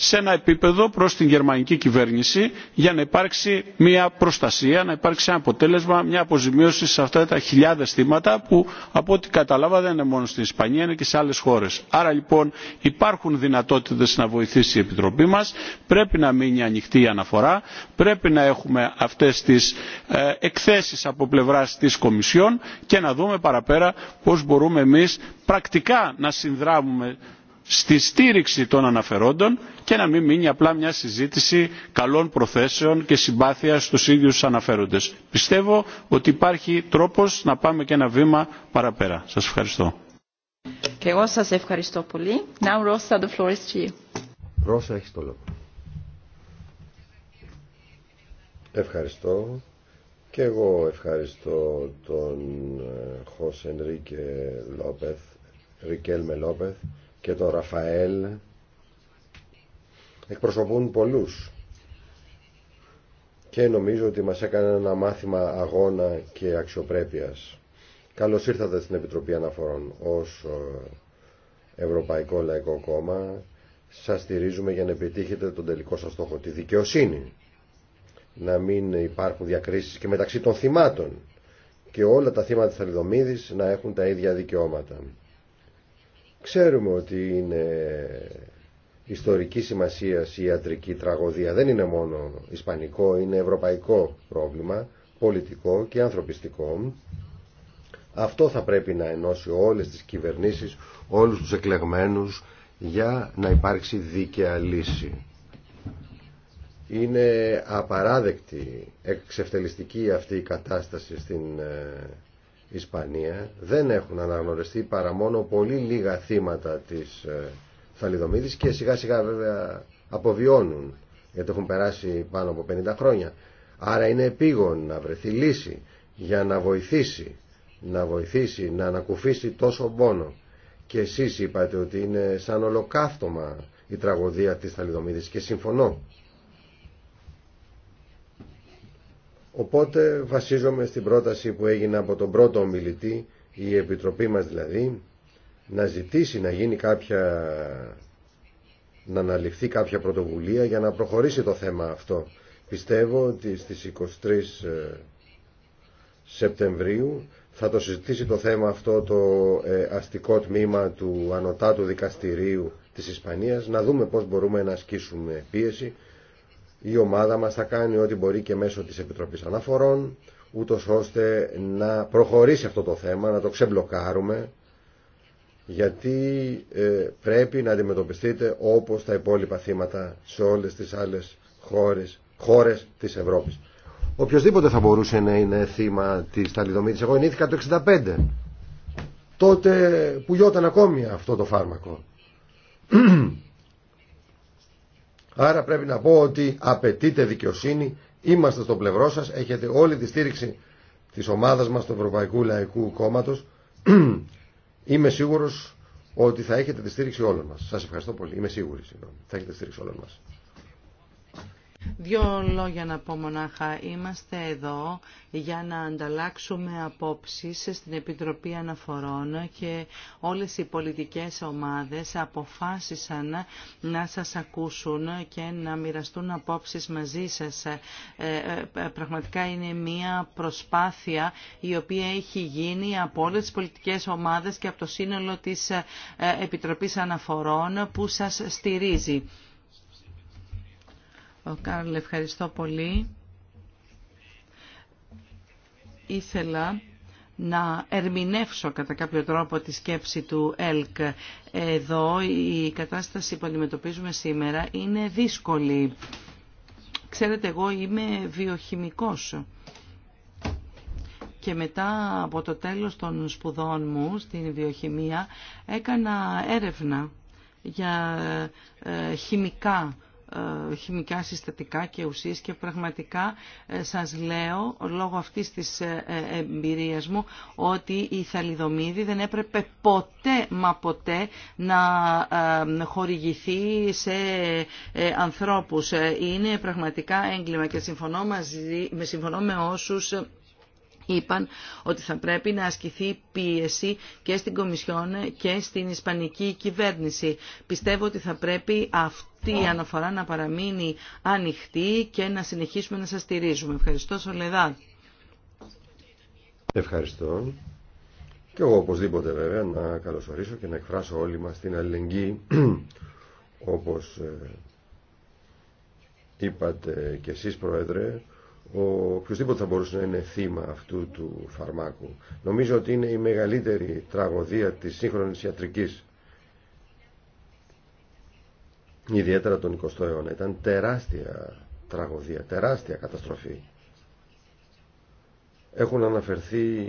σε ένα επίπεδο προς την γερμανική κυβέρνηση για να υπάρξει μια προστασία, να υπάρξει ένα αποτέλεσμα, μια αποζημίωση σε αυτά τα χιλιάδες θύματα που από ό,τι καταλάβα δεν είναι μόνο στην Ισπανία, είναι και σε άλλες χώρες. Άρα λοιπόν υπάρχουν δυνατότητες να βοηθήσει η Επιτροπή μας, πρέπει να μείνει ανοιχτή η αναφορά, πρέπει να έχουμε αυτές τις ε, εκθέσεις από πλευράς της Κομισιόν και να δούμε παραπέρα πώς μπορούμε εμείς πρακτικά να συνδράμουμε στη στήριξη των αναφερόντων και να μην μείνει απλά μια συζήτηση καλών προθέσεων και συμπάθειας στους ίδιους τους αναφέροντες. Πιστεύω ότι υπάρχει τρόπος να πάμε και ένα βήμα παραπέρα. Σας ευχαριστώ. Και εγώ σας ευχαριστώ πολύ. Now, Rosa, the floor το λόγο. Ευχαριστώ. Και εγώ ευχαριστώ τον ε, Χωσεν Λόπεθ, Ρίκελ Μελόπεθ και το Ραφαέλ εκπροσωπούν πολλούς και νομίζω ότι μας έκανε ένα μάθημα αγώνα και αξιοπρέπειας. Καλώς ήρθατε στην Επιτροπή Αναφορών ως ε, Ευρωπαϊκό Λαϊκό Κόμμα. Σας στηρίζουμε για να επιτύχετε τον τελικό σας στόχο, τη δικαιοσύνη. Να μην υπάρχουν διακρίσεις και μεταξύ των θυμάτων και όλα τα θύματα της Θελδομίδης να έχουν τα ίδια δικαιώματα. Ξέρουμε ότι είναι ιστορική σημασία η ιατρική τραγωδία. Δεν είναι μόνο ισπανικό, είναι ευρωπαϊκό πρόβλημα, πολιτικό και ανθρωπιστικό. Αυτό θα πρέπει να ενώσει όλες τις κυβερνήσεις, όλους τους εκλεγμένους για να υπάρξει δίκαια λύση. Είναι απαράδεκτη, εξευτελιστική αυτή η κατάσταση στην ε, Ισπανία δεν έχουν αναγνωριστεί παρά μόνο πολύ λίγα θύματα της ε, θαλιδομίδης και σιγά σιγά βέβαια αποβιώνουν γιατί έχουν περάσει πάνω από 50 χρόνια. Άρα είναι επίγον να βρεθεί λύση για να βοηθήσει, να βοηθήσει, να ανακουφίσει τόσο πόνο. Και εσείς είπατε ότι είναι σαν ολοκαύτωμα η τραγωδία της θαλιδομίδης και συμφωνώ. Οπότε βασίζομαι στην πρόταση που έγινε από τον πρώτο ομιλητή, η Επιτροπή μας δηλαδή, να ζητήσει να γίνει κάποια να αναλυφθεί κάποια πρωτοβουλία για να προχωρήσει το θέμα αυτό. Πιστεύω ότι στις 23 ε, Σεπτεμβρίου θα το συζητήσει το θέμα αυτό το ε, αστικό τμήμα του Ανωτάτου Δικαστηρίου της Ισπανίας, να δούμε πώς μπορούμε να ασκήσουμε πίεση η ομάδα μας θα κάνει ό,τι μπορεί και μέσω της Επιτροπής Αναφορών, ούτω ώστε να προχωρήσει αυτό το θέμα, να το ξεμπλοκάρουμε, γιατί ε, πρέπει να αντιμετωπιστείτε όπως τα υπόλοιπα θύματα σε όλες τις άλλες χώρες, χώρες της Ευρώπης. Οποιοςδήποτε θα μπορούσε να είναι θύμα της ταλιδομήτης, Εγώ ενήθηκα το 1965 τότε που γιόταν ακόμη αυτό το φάρμακο. [clears throat] Άρα πρέπει να πω ότι απαιτείται δικαιοσύνη, είμαστε στο πλευρό σας, έχετε όλη τη στήριξη της ομάδας μας του Ευρωπαϊκού Λαϊκού Κόμματος. [clears throat] Είμαι σίγουρος ότι θα έχετε τη στήριξη όλων μας. Σας ευχαριστώ πολύ. Είμαι σίγουρη, συγγνώμη. Θα έχετε τη στήριξη όλων μας. Δύο λόγια να πω μονάχα. Είμαστε εδώ για να ανταλλάξουμε απόψεις στην Επιτροπή Αναφορών και όλες οι πολιτικές ομάδες αποφάσισαν να σας ακούσουν και να μοιραστούν απόψεις μαζί σας. Ε, ε, πραγματικά είναι μια προσπάθεια η οποία έχει γίνει από όλες τις πολιτικές ομάδες και από το σύνολο της ε, Επιτροπής Αναφορών που σας στηρίζει. Ο Κάρλ, ευχαριστώ πολύ. Ήθελα να ερμηνεύσω κατά κάποιο τρόπο τη σκέψη του ΕΛΚ. Εδώ η κατάσταση που αντιμετωπίζουμε σήμερα είναι δύσκολη. Ξέρετε, εγώ είμαι βιοχημικός και μετά από το τέλος των σπουδών μου στην βιοχημία έκανα έρευνα για ε, χημικά ε, χημικά συστατικά και ουσίες και πραγματικά ε, σας λέω λόγω αυτής της ε, εμπειρίας μου ότι η θαλιδομίδη δεν έπρεπε ποτέ μα ποτέ να χορηγηθεί σε ανθρώπους. Είναι πραγματικά έγκλημα και συμφωνώ, μαζί, συμφωνώ με όσους είπαν ότι θα πρέπει να ασκηθεί πίεση και στην Κομισιόν και στην Ισπανική κυβέρνηση. Πιστεύω ότι θα πρέπει αυτή η αναφορά να παραμείνει ανοιχτή και να συνεχίσουμε να σας στηρίζουμε. Ευχαριστώ Σολεδά. Ευχαριστώ. Και εγώ οπωσδήποτε βέβαια να καλωσορίσω και να εκφράσω όλοι μας την αλληλεγγύη [clears throat] όπως ε, είπατε και εσείς Πρόεδρε ο οποιοδήποτε θα μπορούσε να είναι θύμα αυτού του φαρμάκου. Νομίζω ότι είναι η μεγαλύτερη τραγωδία της σύγχρονης ιατρικής. Ιδιαίτερα τον 20ο αιώνα. Ήταν τεράστια τραγωδία, τεράστια καταστροφή. Έχουν αναφερθεί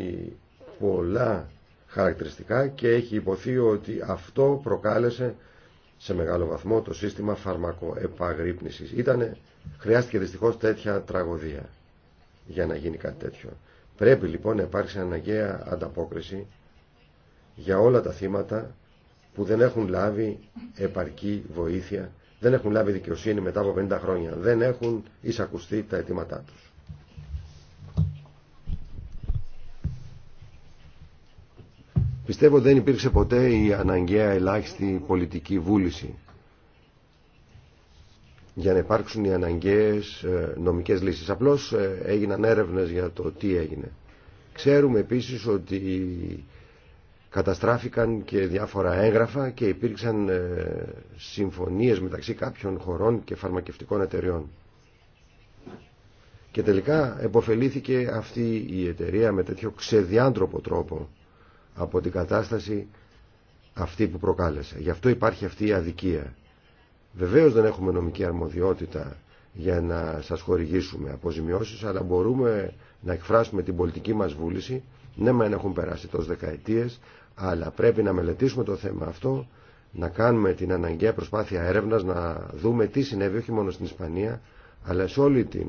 πολλά χαρακτηριστικά και έχει υποθεί ότι αυτό προκάλεσε σε μεγάλο βαθμό το σύστημα φαρμακοεπαγρύπνησης. Ήτανε, χρειάστηκε δυστυχώς τέτοια τραγωδία για να γίνει κάτι τέτοιο. Πρέπει λοιπόν να υπάρξει αναγκαία ανταπόκριση για όλα τα θύματα που δεν έχουν λάβει επαρκή βοήθεια, δεν έχουν λάβει δικαιοσύνη μετά από 50 χρόνια, δεν έχουν εισακουστεί τα αιτήματά τους. Πιστεύω δεν υπήρξε ποτέ η αναγκαία ελάχιστη πολιτική βούληση για να υπάρξουν οι αναγκαίες ε, νομικές λύσεις. Απλώς ε, έγιναν έρευνες για το τι έγινε. Ξέρουμε επίσης ότι καταστράφηκαν και διάφορα έγγραφα και υπήρξαν ε, συμφωνίες μεταξύ κάποιων χωρών και φαρμακευτικών εταιριών. Και τελικά εποφελήθηκε αυτή η εταιρεία με τέτοιο ξεδιάντροπο τρόπο από την κατάσταση αυτή που προκάλεσε. Γι' αυτό υπάρχει αυτή η αδικία. Βεβαίως δεν έχουμε νομική αρμοδιότητα για να σας χορηγήσουμε αποζημιώσεις, αλλά μπορούμε να εκφράσουμε την πολιτική μας βούληση. Ναι, μεν έχουν περάσει τόσε δεκαετίες, αλλά πρέπει να μελετήσουμε το θέμα αυτό, να κάνουμε την αναγκαία προσπάθεια έρευνας, να δούμε τι συνέβη όχι μόνο στην Ισπανία, αλλά σε όλη την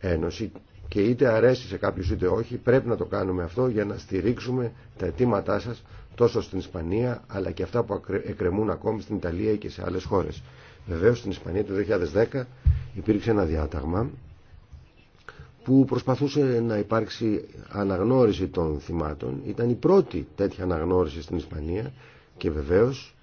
ε, Ένωση και είτε αρέσει σε κάποιους είτε όχι πρέπει να το κάνουμε αυτό για να στηρίξουμε τα αιτήματά σας τόσο στην Ισπανία αλλά και αυτά που εκκρεμούν ακόμη στην Ιταλία και σε άλλες χώρες. Βεβαίως στην Ισπανία το 2010 υπήρξε ένα διάταγμα που προσπαθούσε να υπάρξει αναγνώριση των θυμάτων. Ήταν η πρώτη τέτοια αναγνώριση στην Ισπανία και βεβαίως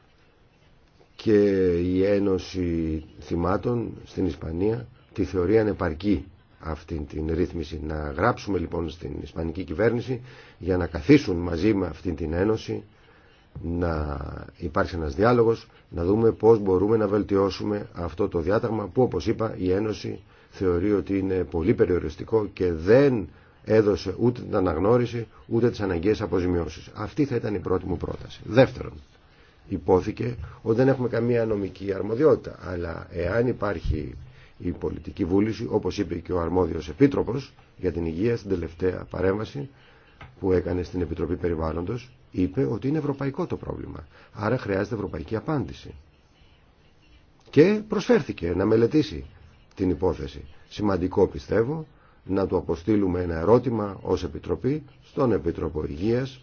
και η Ένωση Θυμάτων στην Ισπανία τη θεωρεί ανεπαρκή αυτήν την ρύθμιση. Να γράψουμε λοιπόν στην Ισπανική κυβέρνηση για να καθίσουν μαζί με αυτήν την ένωση να υπάρξει ένας διάλογος, να δούμε πώς μπορούμε να βελτιώσουμε αυτό το διάταγμα που όπως είπα η Ένωση θεωρεί ότι είναι πολύ περιοριστικό και δεν έδωσε ούτε την αναγνώριση ούτε τις αναγκαίες αποζημιώσεις. Αυτή θα ήταν η πρώτη μου πρόταση. Δεύτερον, υπόθηκε ότι δεν έχουμε καμία νομική αρμοδιότητα, αλλά εάν υπάρχει η πολιτική βούληση, όπως είπε και ο αρμόδιος επίτροπος για την υγεία στην τελευταία παρέμβαση που έκανε στην Επιτροπή Περιβάλλοντος, είπε ότι είναι ευρωπαϊκό το πρόβλημα. Άρα χρειάζεται ευρωπαϊκή απάντηση. Και προσφέρθηκε να μελετήσει την υπόθεση. Σημαντικό πιστεύω να του αποστείλουμε ένα ερώτημα ως Επιτροπή στον Επίτροπο Υγείας,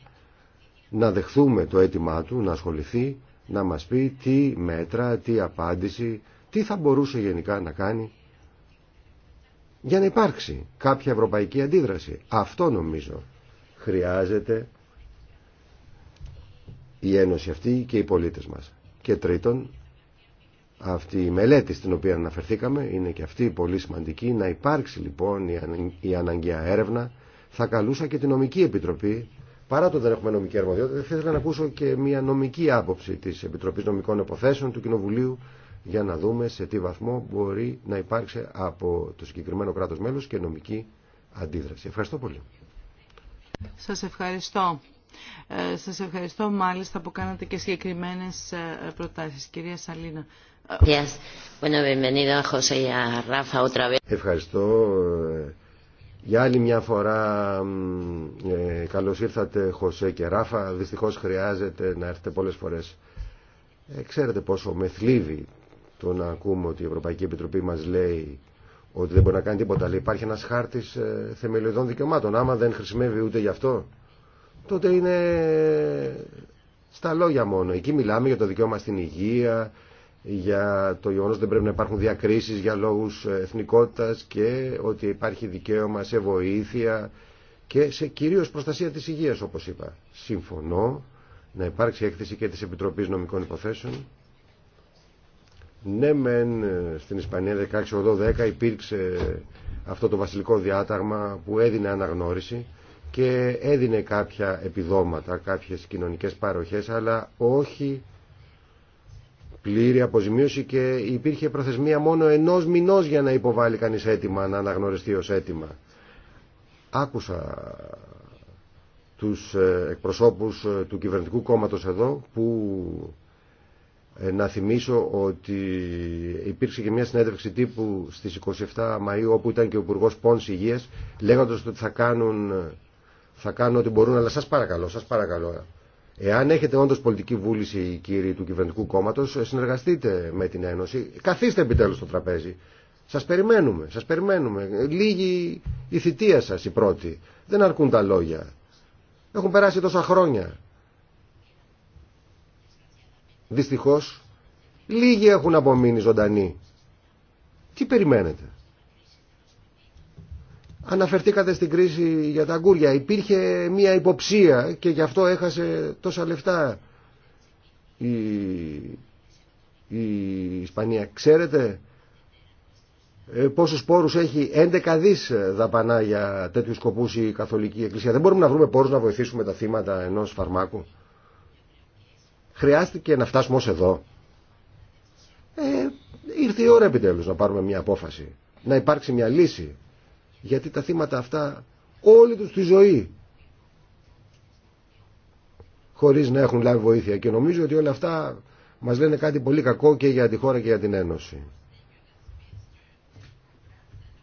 να δεχθούμε το αίτημά του, να ασχοληθεί, να μας πει τι μέτρα, τι απάντηση τι θα μπορούσε γενικά να κάνει για να υπάρξει κάποια ευρωπαϊκή αντίδραση. Αυτό νομίζω χρειάζεται η Ένωση αυτή και οι πολίτες μας. Και τρίτον, αυτή η μελέτη στην οποία αναφερθήκαμε είναι και αυτή πολύ σημαντική. Να υπάρξει λοιπόν η αναγκαία έρευνα. Θα καλούσα και την νομική επιτροπή, παρά το δεν έχουμε νομική αρμοδιότητα, θα ήθελα να ακούσω και μια νομική άποψη της Επιτροπής Νομικών Εποθέσεων του Κοινοβουλίου για να δούμε σε τι βαθμό μπορεί να υπάρξει από το συγκεκριμένο κράτος μέλος και νομική αντίδραση. Ευχαριστώ πολύ. Σας ευχαριστώ. Ε, σας ευχαριστώ μάλιστα που κάνατε και συγκεκριμένες ε, προτάσεις. Κυρία Σαλίνα. Ευχαριστώ. Για άλλη μια φορά ε, καλώς ήρθατε Χωσέ και Ράφα. Δυστυχώς χρειάζεται να έρθετε πολλές φορές. Ε, ξέρετε πόσο με θλίβει το να ακούμε ότι η Ευρωπαϊκή Επιτροπή μας λέει ότι δεν μπορεί να κάνει τίποτα. Αλλά υπάρχει ένας χάρτης ε, θεμελιωδών δικαιωμάτων. Άμα δεν χρησιμεύει ούτε γι' αυτό, τότε είναι στα λόγια μόνο. Εκεί μιλάμε για το δικαίωμα στην υγεία, για το γεγονό ότι δεν πρέπει να υπάρχουν διακρίσεις για λόγους ε, εθνικότητας και ότι υπάρχει δικαίωμα σε βοήθεια και σε κυρίως προστασία της υγείας όπως είπα. Συμφωνώ να υπάρξει έκθεση και της Επιτροπής Νομικών Υποθέσεων ναι μεν στην Ισπανία 16-12 υπήρξε αυτό το βασιλικό διάταγμα που έδινε αναγνώριση και έδινε κάποια επιδόματα, κάποιες κοινωνικές παροχές αλλά όχι πλήρη αποζημίωση και υπήρχε προθεσμία μόνο ενός μηνός για να υποβάλει κανείς αίτημα, να αναγνωριστεί ως αίτημα. Άκουσα τους ε, εκπροσώπους ε, του κυβερνητικού κόμματος εδώ που ε, να θυμίσω ότι υπήρξε και μια συνέντευξη τύπου στις 27 Μαΐου όπου ήταν και ο Υπουργό Πόνς Υγείας λέγοντας ότι θα κάνουν, θα κάνουν ό,τι μπορούν αλλά σας παρακαλώ, σας παρακαλώ εάν έχετε όντως πολιτική βούληση κύριοι του κυβερνητικού κόμματος ε, συνεργαστείτε με την Ένωση καθίστε επιτέλους στο τραπέζι σας περιμένουμε, σας περιμένουμε λίγη η θητεία σας η πρώτη δεν αρκούν τα λόγια έχουν περάσει τόσα χρόνια Δυστυχώς, λίγοι έχουν απομείνει ζωντανοί. Τι περιμένετε. Αναφερθήκατε στην κρίση για τα αγκούρια. Υπήρχε μια υποψία και γι' αυτό έχασε τόσα λεφτά η, η Ισπανία. Ξέρετε ε, πόσους πόρους έχει 11 δις δαπανά για τέτοιους σκοπούς η Καθολική Εκκλησία. Δεν μπορούμε να βρούμε πόρους να βοηθήσουμε τα θύματα ενός φαρμάκου χρειάστηκε να φτάσουμε ως εδώ. Ε, ήρθε η ώρα επιτέλους να πάρουμε μια απόφαση, να υπάρξει μια λύση. Γιατί τα θύματα αυτά όλη τους τη ζωή χωρίς να έχουν λάβει βοήθεια. Και νομίζω ότι όλα αυτά μας λένε κάτι πολύ κακό και για τη χώρα και για την Ένωση.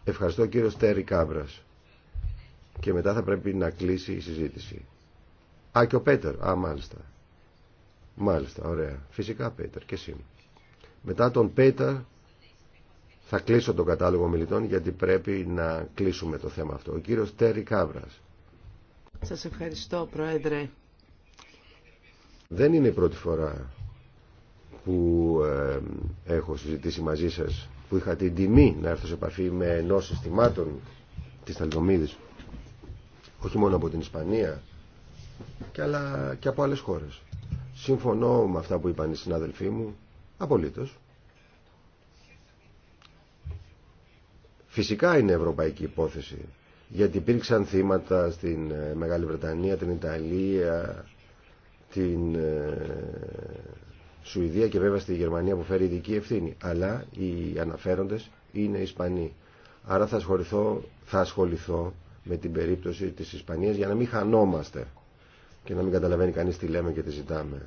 Ευχαριστώ κύριο Στέρι Κάμπρας. Και μετά θα πρέπει να κλείσει η συζήτηση. Α, και ο Πέτερ. Α, μάλιστα. Μάλιστα, ωραία. Φυσικά, Πέτερ, και εσύ. Μετά τον Πέτερ, θα κλείσω τον κατάλογο μιλητών γιατί πρέπει να κλείσουμε το θέμα αυτό. Ο κύριος Τέρι Κάβρας. Σας ευχαριστώ, Πρόεδρε. Δεν είναι η πρώτη φορά που έχω συζητήσει μαζί σας, που είχα την τιμή να έρθω σε επαφή με ενό συστημάτων της Θαλδομίδης, όχι μόνο από την Ισπανία, και, αλλά και από άλλες χώρες. Συμφωνώ με αυτά που είπαν οι συνάδελφοί μου, απολύτως. Φυσικά είναι ευρωπαϊκή υπόθεση, γιατί υπήρξαν θύματα στην ε, Μεγάλη Βρετανία, την Ιταλία, την ε, Σουηδία και βέβαια στη Γερμανία που φέρει ειδική ευθύνη. Αλλά οι αναφέροντες είναι Ισπανοί. Άρα θα ασχοληθώ, με την περίπτωση της Ισπανίας για να μην χανόμαστε και να μην καταλαβαίνει κανείς τι λέμε και τι ζητάμε.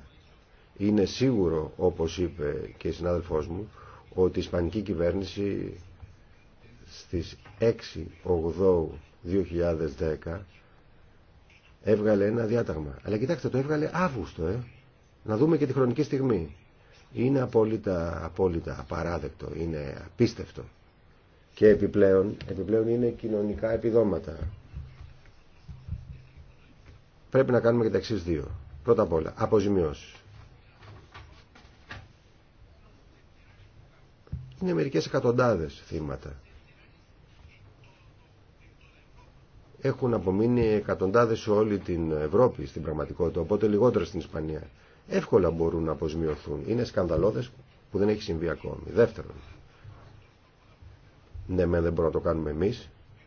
Είναι σίγουρο, όπως είπε και η συνάδελφός μου, ότι η Ισπανική κυβέρνηση στις 6-8-2010 έβγαλε ένα διάταγμα. Αλλά κοιτάξτε, το έβγαλε Αύγουστο, ε. Να δούμε και τη χρονική στιγμή. Είναι απόλυτα, απόλυτα απαράδεκτο, είναι απίστευτο. Και επιπλέον, επιπλέον είναι κοινωνικά επιδόματα πρέπει να κάνουμε και τα εξή δύο. Πρώτα απ' όλα, αποζημιώσει. Είναι μερικέ εκατοντάδε θύματα. Έχουν απομείνει εκατοντάδε σε όλη την Ευρώπη στην πραγματικότητα, οπότε λιγότερο στην Ισπανία. Εύκολα μπορούν να αποζημιωθούν. Είναι σκανδαλώδε που δεν έχει συμβεί ακόμη. Δεύτερον, ναι, δεν μπορούμε να το κάνουμε εμεί,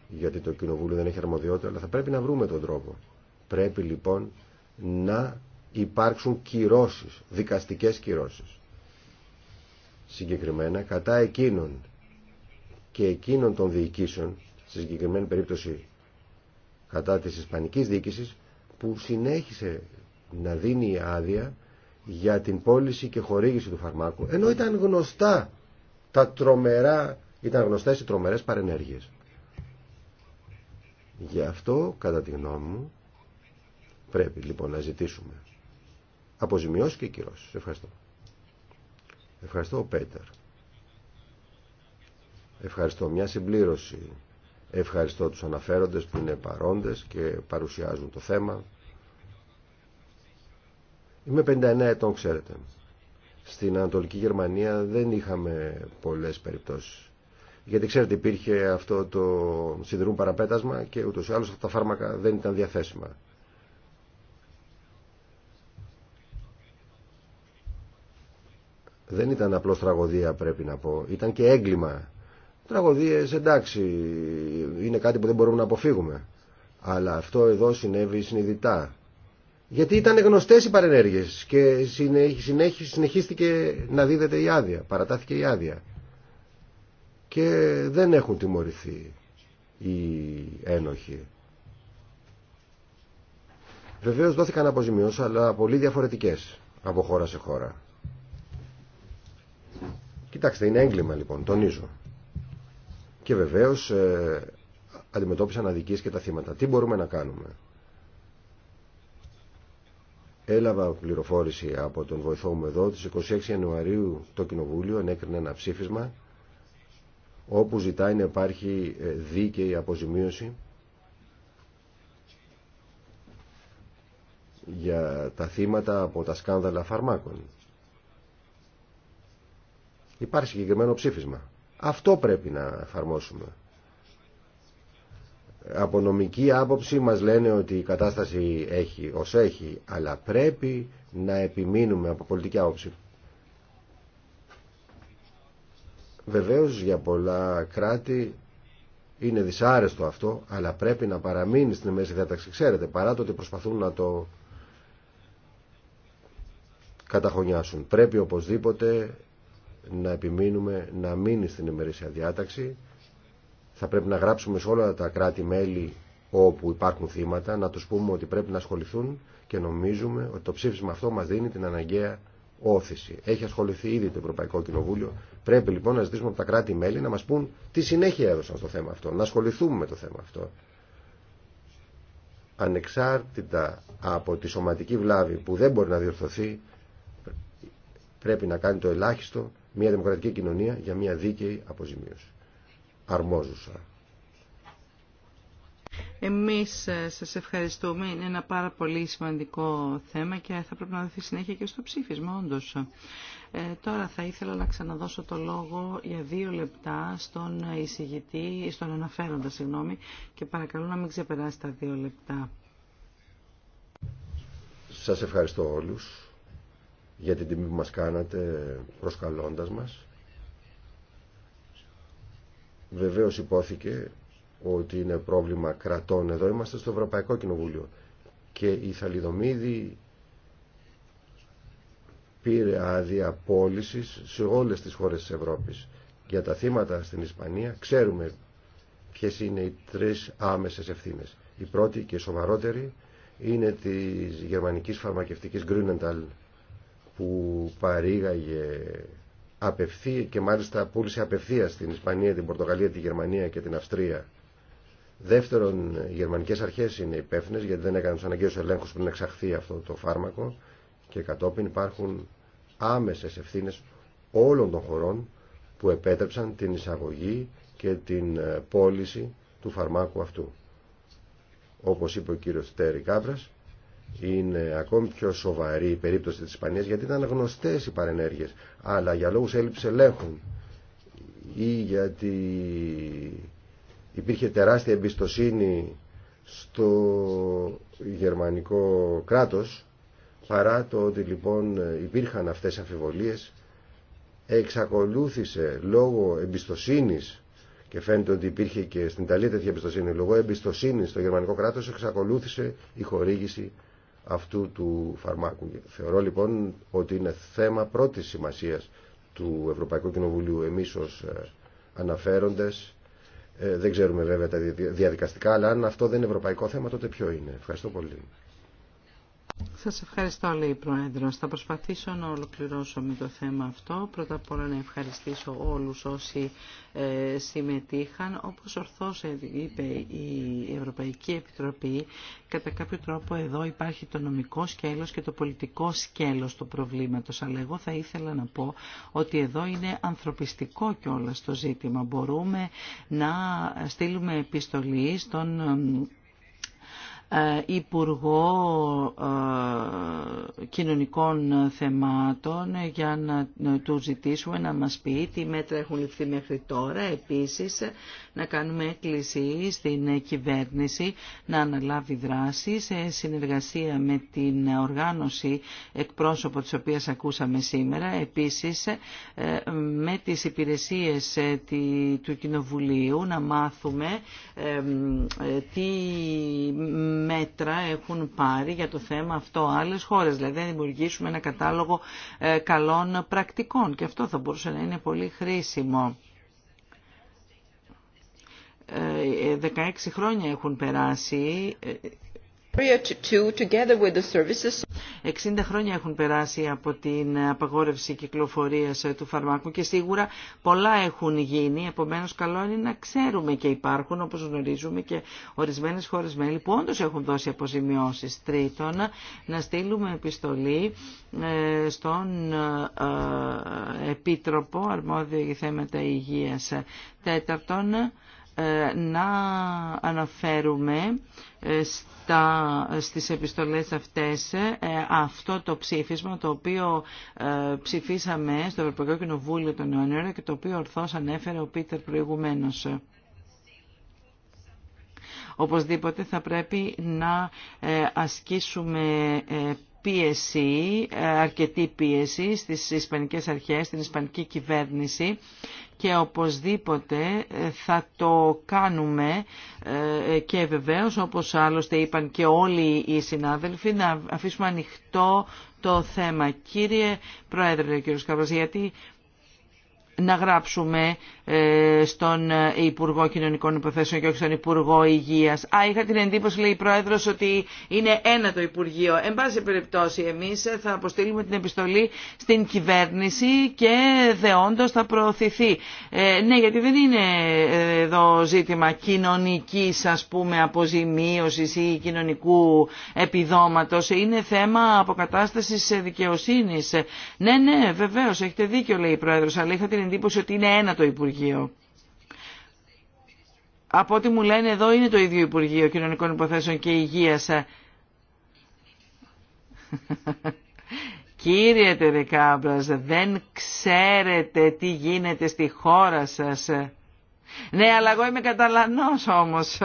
γιατί το Κοινοβούλιο δεν έχει αρμοδιότητα, αλλά θα πρέπει να βρούμε τον τρόπο Πρέπει λοιπόν να υπάρξουν κυρώσεις, δικαστικές κυρώσεις. Συγκεκριμένα κατά εκείνων και εκείνων των διοικήσεων, στη συγκεκριμένη περίπτωση κατά της Ισπανικής διοίκησης, που συνέχισε να δίνει άδεια για την πώληση και χορήγηση του φαρμάκου, ενώ ήταν γνωστά τα τρομερά, ήταν γνωστές οι τρομερές παρενέργειες. Γι' αυτό, κατά τη γνώμη μου, Πρέπει λοιπόν να ζητήσουμε αποζημιώσει και κυρώσει. Ευχαριστώ. Ευχαριστώ, Πέτερ. Ευχαριστώ. Μια συμπλήρωση. Ευχαριστώ τους αναφέροντες που είναι παρόντες και παρουσιάζουν το θέμα. Είμαι 59 ετών, ξέρετε. Στην Ανατολική Γερμανία δεν είχαμε πολλές περιπτώσεις. Γιατί ξέρετε υπήρχε αυτό το σιδηρούν παραπέτασμα και ούτως ή άλλως αυτά τα φάρμακα δεν ήταν διαθέσιμα. δεν ήταν απλώς τραγωδία πρέπει να πω, ήταν και έγκλημα. Τραγωδίες εντάξει, είναι κάτι που δεν μπορούμε να αποφύγουμε. Αλλά αυτό εδώ συνέβη συνειδητά. Γιατί ήταν γνωστές οι παρενέργειες και συνεχίστηκε να δίδεται η άδεια, παρατάθηκε η άδεια. Και δεν έχουν τιμωρηθεί οι ένοχοι. Βεβαίως δόθηκαν αποζημιώσεις, αλλά πολύ διαφορετικές από χώρα σε χώρα. Κοιτάξτε, είναι έγκλημα λοιπόν, τονίζω. Και βεβαίως ε, αντιμετώπισαν αδικίες και τα θύματα. Τι μπορούμε να κάνουμε. Έλαβα πληροφόρηση από τον βοηθό μου εδώ, τις 26 Ιανουαρίου το Κοινοβούλιο ενέκρινε ένα ψήφισμα όπου ζητάει να υπάρχει ε, δίκαιη αποζημίωση για τα θύματα από τα σκάνδαλα φαρμάκων. Υπάρχει συγκεκριμένο ψήφισμα. Αυτό πρέπει να εφαρμόσουμε. Από νομική άποψη μας λένε ότι η κατάσταση έχει ως έχει, αλλά πρέπει να επιμείνουμε από πολιτική άποψη. Βεβαίως για πολλά κράτη είναι δυσάρεστο αυτό, αλλά πρέπει να παραμείνει στην μέση διάταξη. Ξέρετε, παρά το ότι προσπαθούν να το καταχωνιάσουν. Πρέπει οπωσδήποτε να επιμείνουμε να μείνει στην ημερήσια διάταξη. Θα πρέπει να γράψουμε σε όλα τα κράτη-μέλη όπου υπάρχουν θύματα, να τους πούμε ότι πρέπει να ασχοληθούν και νομίζουμε ότι το ψήφισμα αυτό μας δίνει την αναγκαία όθηση. Έχει ασχοληθεί ήδη το Ευρωπαϊκό Κοινοβούλιο. Πρέπει λοιπόν να ζητήσουμε από τα κράτη-μέλη να μας πούν τι συνέχεια έδωσαν στο θέμα αυτό, να ασχοληθούμε με το θέμα αυτό. Ανεξάρτητα από τη σωματική βλάβη που δεν μπορεί να διορθωθεί, πρέπει να κάνει το ελάχιστο μια δημοκρατική κοινωνία για μια δίκαιη αποζημίωση. Αρμόζουσα. Εμείς ε, σας ευχαριστούμε. Είναι ένα πάρα πολύ σημαντικό θέμα και θα πρέπει να δοθεί συνέχεια και στο ψήφισμα, όντως. Ε, τώρα θα ήθελα να ξαναδώσω το λόγο για δύο λεπτά στον εισηγητή, στον αναφέροντα, συγγνώμη, και παρακαλώ να μην ξεπεράσει τα δύο λεπτά. Σας ευχαριστώ όλους για την τιμή που μας κάνατε προσκαλώντας μας. Βεβαίως υπόθηκε ότι είναι πρόβλημα κρατών. Εδώ είμαστε στο Ευρωπαϊκό Κοινοβούλιο και η Θαλιδομίδη πήρε άδεια πώληση σε όλες τις χώρες της Ευρώπης. Για τα θύματα στην Ισπανία ξέρουμε ποιες είναι οι τρεις άμεσες ευθύνες. Η πρώτη και η σοβαρότερη είναι της γερμανικής φαρμακευτικής Grünenthal που παρήγαγε απευθεία και μάλιστα πούλησε απευθεία στην Ισπανία, την Πορτογαλία, τη Γερμανία και την Αυστρία. Δεύτερον, οι γερμανικές αρχές είναι υπεύθυνε γιατί δεν έκαναν του αναγκαίου ελέγχου πριν εξαχθεί αυτό το φάρμακο και κατόπιν υπάρχουν άμεσες ευθύνε όλων των χωρών που επέτρεψαν την εισαγωγή και την ε, πώληση του φαρμάκου αυτού. Όπως είπε ο κύριος Τέρη Κάβρας, είναι ακόμη πιο σοβαρή η περίπτωση της Ισπανίας γιατί ήταν γνωστές οι παρενέργειες αλλά για λόγους έλλειψη ελέγχων ή γιατί υπήρχε τεράστια εμπιστοσύνη στο γερμανικό κράτος παρά το ότι λοιπόν υπήρχαν αυτές οι αμφιβολίες εξακολούθησε λόγω εμπιστοσύνης και φαίνεται ότι υπήρχε και στην Ιταλία τέτοια εμπιστοσύνη λόγω εμπιστοσύνης στο γερμανικό κράτος εξακολούθησε η χορήγηση αυτού του φαρμάκου. Θεωρώ λοιπόν ότι είναι θέμα πρώτης σημασίας του Ευρωπαϊκού Κοινοβουλίου εμείς ως ε, αναφέροντες. Ε, δεν ξέρουμε βέβαια τα διαδικαστικά, αλλά αν αυτό δεν είναι ευρωπαϊκό θέμα τότε ποιο είναι. Ευχαριστώ πολύ. Σας ευχαριστώ, λέει η Πρόεδρος. Θα προσπαθήσω να ολοκληρώσω με το θέμα αυτό. Πρώτα απ' όλα να ευχαριστήσω όλους όσοι ε, συμμετείχαν. Όπως ορθώς ε, είπε η Ευρωπαϊκή Επιτροπή, κατά κάποιο τρόπο εδώ υπάρχει το νομικό σκέλος και το πολιτικό σκέλος του προβλήματος. Αλλά εγώ θα ήθελα να πω ότι εδώ είναι ανθρωπιστικό κιόλας το ζήτημα. Μπορούμε να στείλουμε επιστολή στον ε, Υπουργό ε, Κοινωνικών Θεμάτων για να του ζητήσουμε να μας πει τι μέτρα έχουν ληφθεί μέχρι τώρα. Επίσης, να κάνουμε έκκληση στην κυβέρνηση να αναλάβει δράση σε συνεργασία με την οργάνωση εκπρόσωπο της οποίας ακούσαμε σήμερα. Επίσης, ε, με τις υπηρεσίες του Κοινοβουλίου να μάθουμε τι μέτρα έχουν πάρει για το θέμα αυτό άλλες χώρες. Δηλαδή να δημιουργήσουμε ένα κατάλογο ε, καλών πρακτικών και αυτό θα μπορούσε να είναι πολύ χρήσιμο. 16 ε, ε, χρόνια έχουν περάσει. 60 χρόνια έχουν περάσει από την απαγόρευση κυκλοφορίας ε, του φαρμάκου και σίγουρα πολλά έχουν γίνει, επομένως καλό είναι να ξέρουμε και υπάρχουν όπως γνωρίζουμε και ορισμένες χώρες μέλη που όντως έχουν δώσει αποζημιώσεις. Τρίτον, να στείλουμε επιστολή ε, στον ε, Επίτροπο Αρμόδιο για θέματα υγείας. Τέταρτον, ε, να αναφέρουμε ε, στα, στις επιστολές αυτές ε, αυτό το ψήφισμα το οποίο ψηφίσαμε στο Ευρωπαϊκό Κοινοβούλιο τον Ιανουάριο και το οποίο ορθώς ανέφερε ο Πίτερ προηγουμένως. Οπωσδήποτε θα πρέπει να ασκήσουμε πίεση, ε, αρκετή πίεση στις ισπανικές αρχές, στην ισπανική κυβέρνηση και οπωσδήποτε ε, θα το κάνουμε ε, και βεβαίως όπως άλλωστε είπαν και όλοι οι συνάδελφοι να αφήσουμε ανοιχτό το θέμα. Κύριε Πρόεδρε, ο κύριος γιατί να γράψουμε ε, στον ε, Υπουργό Κοινωνικών Υποθέσεων και όχι στον Υπουργό Υγείας. Α, είχα την εντύπωση, λέει η Πρόεδρος, ότι είναι ένα το Υπουργείο. Εν πάση περιπτώσει, εμείς θα αποστείλουμε την επιστολή στην κυβέρνηση και δεόντως θα προωθηθεί. Ε, ναι, γιατί δεν είναι εδώ ζήτημα κοινωνικής, ας πούμε, αποζημίωσης ή κοινωνικού επιδόματος. Είναι θέμα αποκατάστασης δικαιοσύνης. Ναι, ναι, βεβαίω, έχετε δίκιο, λέει η Πρόεδρος, αλλά είχα την εντύπωση ότι είναι ένα το Υπουργείο. Από ό,τι μου λένε εδώ είναι το ίδιο Υπουργείο Κοινωνικών Υποθέσεων και Υγείας. [laughs] Κύριε Τερεκάμπρας, δεν ξέρετε τι γίνεται στη χώρα σας. Ναι, αλλά εγώ είμαι καταλανός όμως. [laughs]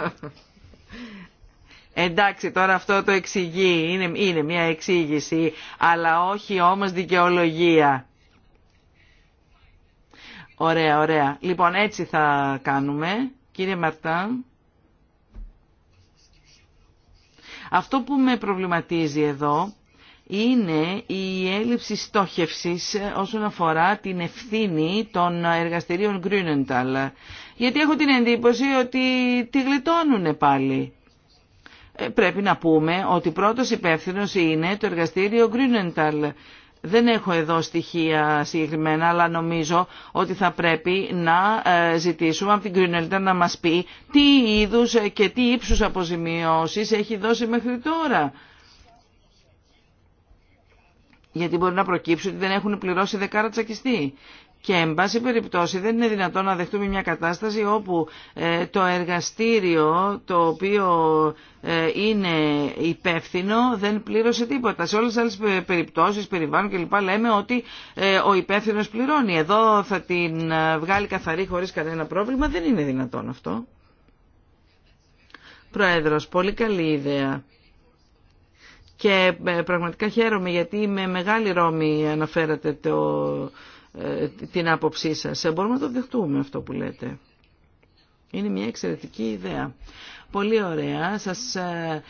Εντάξει, τώρα αυτό το εξηγεί, είναι, είναι μια εξήγηση, αλλά όχι όμως δικαιολογία. Ωραία, ωραία. Λοιπόν, έτσι θα κάνουμε. Κύριε Μαρτάν, Αυτό που με προβληματίζει εδώ είναι η έλλειψη στόχευσης όσον αφορά την ευθύνη των εργαστηρίων Grünenthal. Γιατί έχω την εντύπωση ότι τη γλιτώνουν πάλι. Ε, πρέπει να πούμε ότι πρώτος υπεύθυνος είναι το εργαστήριο Grünenthal δεν έχω εδώ στοιχεία συγκεκριμένα, αλλά νομίζω ότι θα πρέπει να ε, ζητήσουμε από την Κρινολίτα να μας πει τι είδους και τι ύψους αποζημιώσεις έχει δώσει μέχρι τώρα γιατί μπορεί να προκύψει ότι δεν έχουν πληρώσει δεκάρα τσακιστή. Και, εν πάση περιπτώσει, δεν είναι δυνατόν να δεχτούμε μια κατάσταση όπου ε, το εργαστήριο το οποίο ε, είναι υπεύθυνο δεν πλήρωσε τίποτα. Σε όλες τις άλλες ε, περιπτώσεις, περιβάλλον κλπ. λέμε ότι ο υπεύθυνος πληρώνει. Εδώ θα την βγάλει καθαρή χωρίς κανένα πρόβλημα. Δεν είναι δυνατόν αυτό. Πρόεδρος, πολύ καλή ιδέα και ε, πραγματικά χαίρομαι γιατί με μεγάλη ρόμη αναφέρατε το, ε, την άποψή σας. Ε, μπορούμε να το δεχτούμε αυτό που λέτε. Είναι μια εξαιρετική ιδέα. Πολύ ωραία. Σας, ε,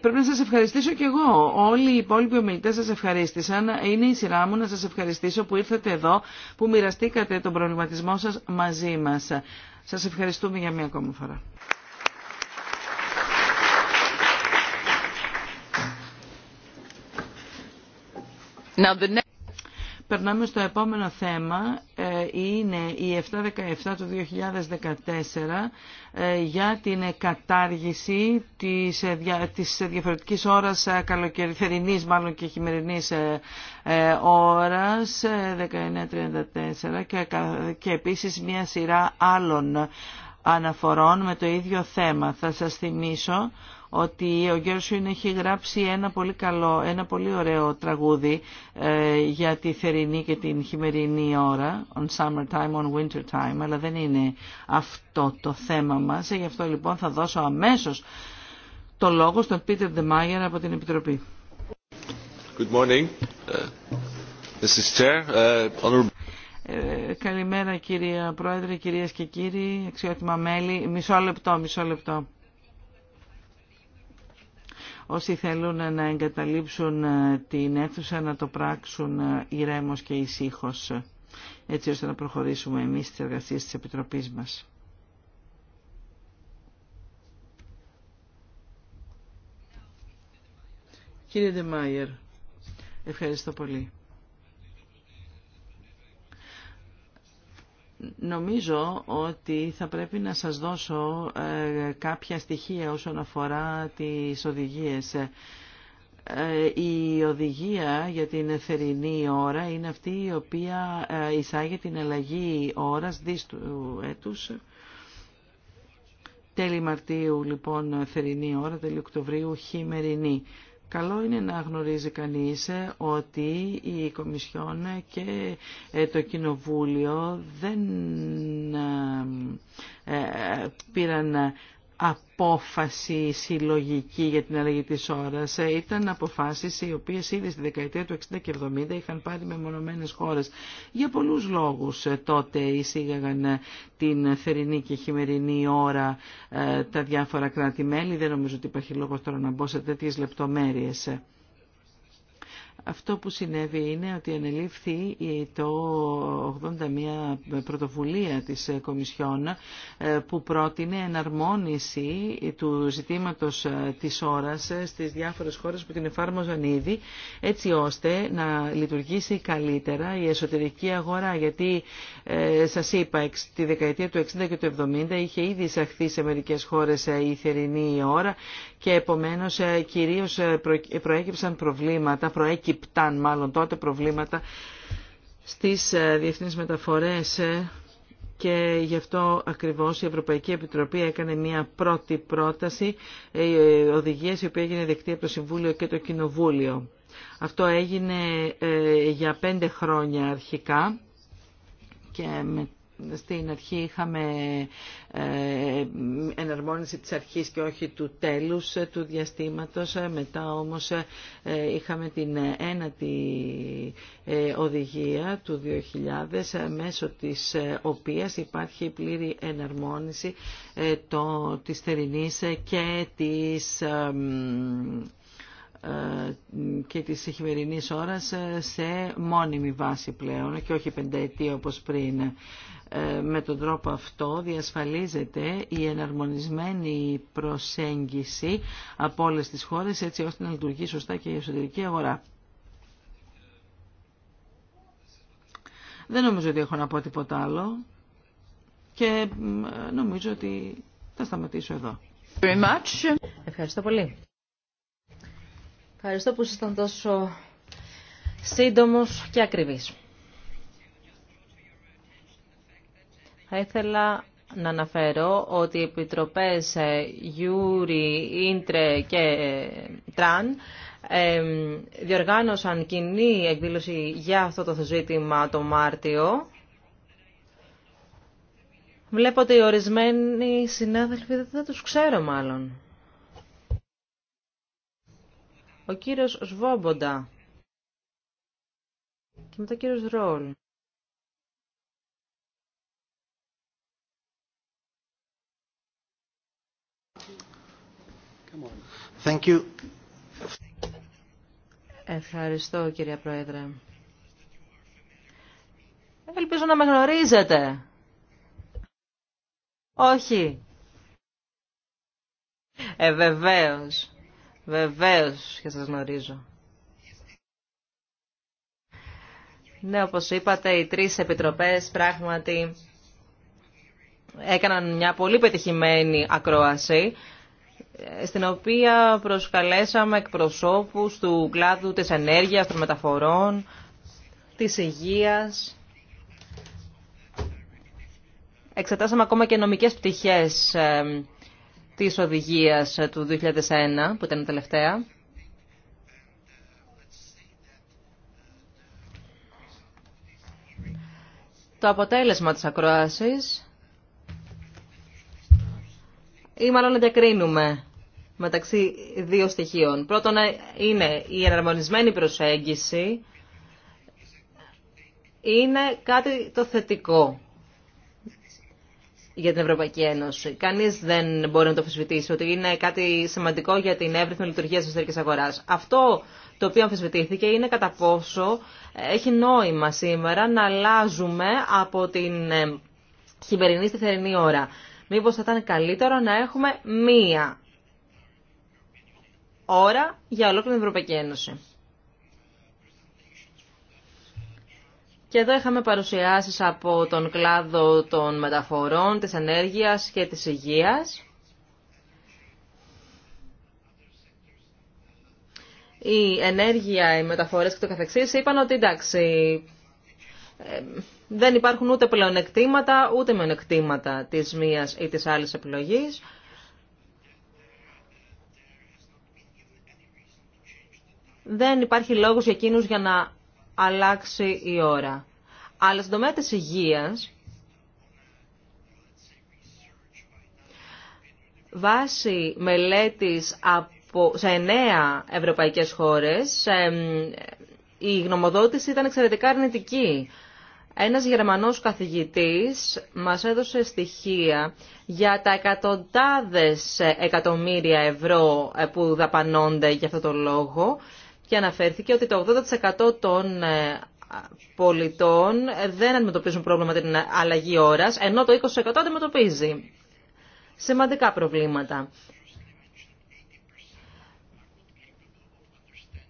πρέπει να σας ευχαριστήσω κι εγώ. Όλοι οι υπόλοιποι ομιλητές σας ευχαρίστησαν. Είναι η σειρά μου να σας ευχαριστήσω που ήρθατε εδώ, που μοιραστήκατε τον προβληματισμό σας μαζί μας. Σας ευχαριστούμε για μια ακόμα φορά. Περνάμε στο επόμενο θέμα, ε, είναι η 717 του 2014 ε, για την κατάργηση της, ε, της διαφορετικής ώρας καλοκαιριθερινής μάλλον και χειμερινής ώρας 1934 και, και επίσης μια σειρά άλλων αναφορών με το ίδιο θέμα. Θα σας θυμίσω ότι ο Γιώργος Σουίν έχει γράψει ένα πολύ καλό, ένα πολύ ωραίο τραγούδι ε, για τη θερινή και την χειμερινή ώρα, on summer time, on winter time, αλλά δεν είναι αυτό το θέμα μας. Ε, γι' αυτό λοιπόν θα δώσω αμέσως το λόγο στον Πίτερ Ντεμάγερ από την Επιτροπή. Good morning. This uh, chair. Uh, ε, καλημέρα κυρία Πρόεδρε, κυρίες και κύριοι, αξιότιμα μέλη. Μισό λεπτό, μισό λεπτό. Όσοι θέλουν να εγκαταλείψουν ε, την αίθουσα να το πράξουν ε, ηρέμος και ησύχω, ε, έτσι ώστε να προχωρήσουμε εμείς στις εργασίες της Επιτροπής μας. Κύριε Ντεμάιερ, ευχαριστώ πολύ. Νομίζω ότι θα πρέπει να σας δώσω ε, κάποια στοιχεία όσον αφορά τις οδηγίες. Ε, η οδηγία για την θερινή ώρα είναι αυτή η οποία ε, εισάγει την αλλαγή ώρας δίστου έτους. Τέλη Μαρτίου λοιπόν θερινή ώρα, τέλη Οκτωβρίου χειμερινή. Καλό είναι να γνωρίζει κανείς ε, ότι η Κομισιόν και ε, το Κοινοβούλιο δεν ε, πήραν απόφαση συλλογική για την αλλαγή της ώρας. Ε, ήταν αποφάσεις οι οποίες ήδη στη δεκαετία του 60 και 70 είχαν πάρει μεμονωμένες χώρες. Για πολλούς λόγους ε, τότε εισήγαγαν ε, την θερινή και χειμερινή ώρα τα διάφορα κράτη-μέλη. Δεν νομίζω ότι υπάρχει λόγο τώρα να μπω σε τέτοιες λεπτομέρειες. Αυτό που συνέβη είναι ότι ανελήφθη το 81 πρωτοβουλία της ε, Κομισιόν ε, που πρότεινε εναρμόνιση του ζητήματος ε, της ώρας στις διάφορες χώρες που την εφάρμοζαν ήδη έτσι ώστε να λειτουργήσει καλύτερα η εσωτερική αγορά γιατί σας είπα τη δεκαετία του 60 και του 70 είχε ήδη εισαχθεί σε μερικές χώρες η θερινή ώρα και επομένως ε, κυρίως ε, ε, προέκυψαν προβλήματα, προέκυπταν μάλλον τότε προβλήματα στις διεθνείς μεταφορές και γι' αυτό ακριβώς η Ευρωπαϊκή Επιτροπή έκανε μια πρώτη πρόταση οδηγίες η οποία έγινε δεκτή από το Συμβούλιο και το Κοινοβούλιο. Αυτό έγινε για πέντε χρόνια αρχικά και μετά στην αρχή είχαμε ε, εναρμόνιση της αρχής και όχι του τέλους ε, του διαστήματος. Ε, μετά όμως είχαμε την ένατη οδηγία του 2000 μέσω της οποίας υπάρχει πλήρη εναρμόνιση το, της θερινής και της και της χειμερινής ώρας σε μόνιμη βάση πλέον και όχι πενταετία όπως πριν. Ε, με τον τρόπο αυτό διασφαλίζεται η εναρμονισμένη προσέγγιση από όλες τις χώρες έτσι ώστε να λειτουργεί σωστά και η εσωτερική αγορά. Δεν νομίζω ότι έχω να πω τίποτα άλλο και ε, νομίζω ότι θα σταματήσω εδώ. Ευχαριστώ πολύ. Ευχαριστώ που ήσασταν τόσο σύντομος και ακριβής. Θα ήθελα να αναφέρω ότι οι επιτροπές ε, Γιούρι, Ίντρε και ε, Τραν ε, διοργάνωσαν κοινή εκδήλωση για αυτό το ζήτημα το Μάρτιο. Βλέπω ότι οι ορισμένοι συνάδελφοι δεν τους ξέρω μάλλον. Ο κύριος Σβόμποντα και μετά ο κύριος Ρόλ. Ευχαριστώ κυρία Πρόεδρε. Ελπίζω να με γνωρίζετε. Όχι. Ε, βεβαίως. Βεβαίως και σας γνωρίζω. Ναι, όπως είπατε, οι τρεις επιτροπές πράγματι έκαναν μια πολύ πετυχημένη ακρόαση στην οποία προσκαλέσαμε εκπροσώπους του κλάδου της ενέργειας, των μεταφορών, της υγείας. Εξετάσαμε ακόμα και νομικές πτυχές ε, της οδηγίας ε, του 2001, που ήταν η τελευταία. Το αποτέλεσμα της ακροάσης ή μάλλον να διακρίνουμε μεταξύ δύο στοιχείων. Πρώτον είναι η εναρμονισμένη προσέγγιση, είναι κάτι το θετικό για την Ευρωπαϊκή Ένωση. Κανείς δεν μπορεί να το αμφισβητήσει ότι είναι κάτι σημαντικό για την εύρυθμη λειτουργία της εσωτερικής αγοράς. Αυτό το οποίο αμφισβητήθηκε είναι κατά πόσο έχει νόημα σήμερα να αλλάζουμε από την ε, χειμερινή στη θερινή ώρα. Μήπως θα ήταν καλύτερο να έχουμε μία ώρα για ολόκληρη την Ευρωπαϊκή Ένωση. Και εδώ είχαμε παρουσιάσεις από τον κλάδο των μεταφορών, της ενέργειας και της υγείας. Η ενέργεια, οι μεταφορές και το καθεξής είπαν ότι εντάξει, ε, δεν υπάρχουν ούτε πλεονεκτήματα ούτε μειονεκτήματα της μίας ή της άλλης επιλογής. δεν υπάρχει λόγος για εκείνους για να αλλάξει η ώρα. Αλλά στον τομέα της υγείας, βάσει μελέτης από, σε εννέα ευρωπαϊκές χώρες, η γνωμοδότηση ήταν εξαιρετικά αρνητική. Ένας Γερμανός καθηγητής μας έδωσε στοιχεία για τα εκατοντάδες εκατομμύρια ευρώ ε, που δαπανώνται για αυτό το λόγο και αναφέρθηκε ότι το 80% των ε, πολιτών δεν αντιμετωπίζουν πρόβλημα την αλλαγή ώρας, ενώ το 20% αντιμετωπίζει σημαντικά προβλήματα.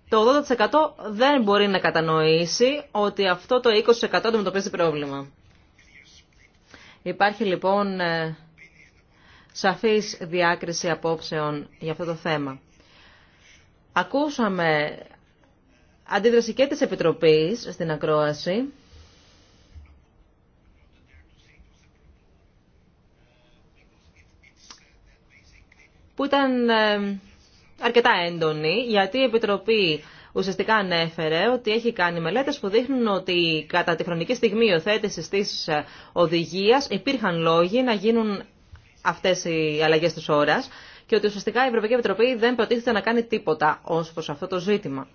Το 80% δεν μπορεί να κατανοήσει ότι αυτό το 20% αντιμετωπίζει πρόβλημα. Υπάρχει λοιπόν ε, σαφής διάκριση απόψεων για αυτό το θέμα. Ακούσαμε αντίδραση και της Επιτροπής στην ακρόαση. που ήταν ε, αρκετά έντονη, γιατί η Επιτροπή ουσιαστικά ανέφερε ότι έχει κάνει μελέτες που δείχνουν ότι κατά τη χρονική στιγμή υιοθέτησης της ε, οδηγίας υπήρχαν λόγοι να γίνουν αυτές οι αλλαγές της ώρας και ότι ουσιαστικά η Ευρωπαϊκή Επιτροπή δεν προτίθεται να κάνει τίποτα ως προς αυτό το ζήτημα.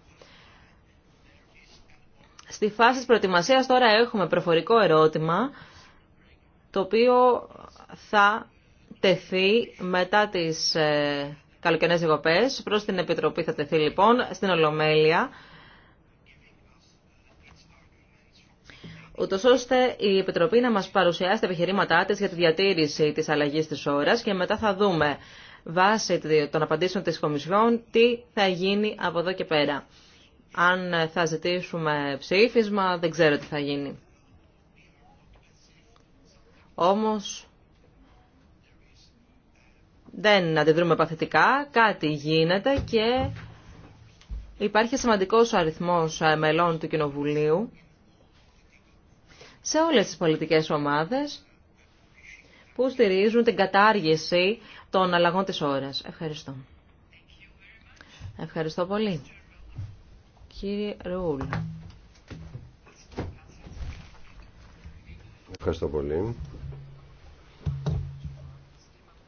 Στη φάση της προετοιμασίας τώρα έχουμε προφορικό ερώτημα, το οποίο θα τεθεί μετά τις ε, καλοκαιρινές διακοπές. Προς την Επιτροπή θα τεθεί λοιπόν στην Ολομέλεια. ούτως ώστε η Επιτροπή να μας παρουσιάσει τα επιχειρήματά της για τη διατήρηση της αλλαγής της ώρας και μετά θα δούμε βάσει των απαντήσεων της Κομισιόν τι θα γίνει από εδώ και πέρα. Αν θα ζητήσουμε ψήφισμα, δεν ξέρω τι θα γίνει. Όμως, δεν αντιδρούμε παθητικά, κάτι γίνεται και υπάρχει σημαντικός αριθμός μελών του Κοινοβουλίου σε όλες τις πολιτικές ομάδες που στηρίζουν την κατάργηση των αλλαγών της ώρας. Ευχαριστώ. Ευχαριστώ πολύ. Κύριε Ρούλ. Ευχαριστώ πολύ.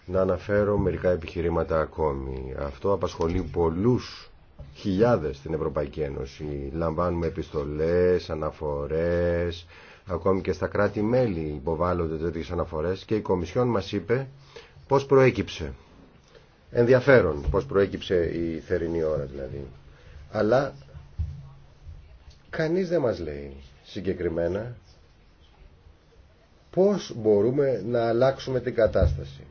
Να αναφέρω μερικά επιχειρήματα ακόμη. Αυτό απασχολεί πολλούς χιλιάδες στην Ευρωπαϊκή Ένωση. Λαμβάνουμε επιστολές, αναφορές, ακόμη και στα κράτη-μέλη υποβάλλονται τέτοιε αναφορές και η Κομισιόν μας είπε πώς προέκυψε. Ενδιαφέρον πώς προέκυψε η θερινή ώρα δηλαδή. Αλλά κανείς δεν μας λέει συγκεκριμένα πώς μπορούμε να αλλάξουμε την κατάσταση.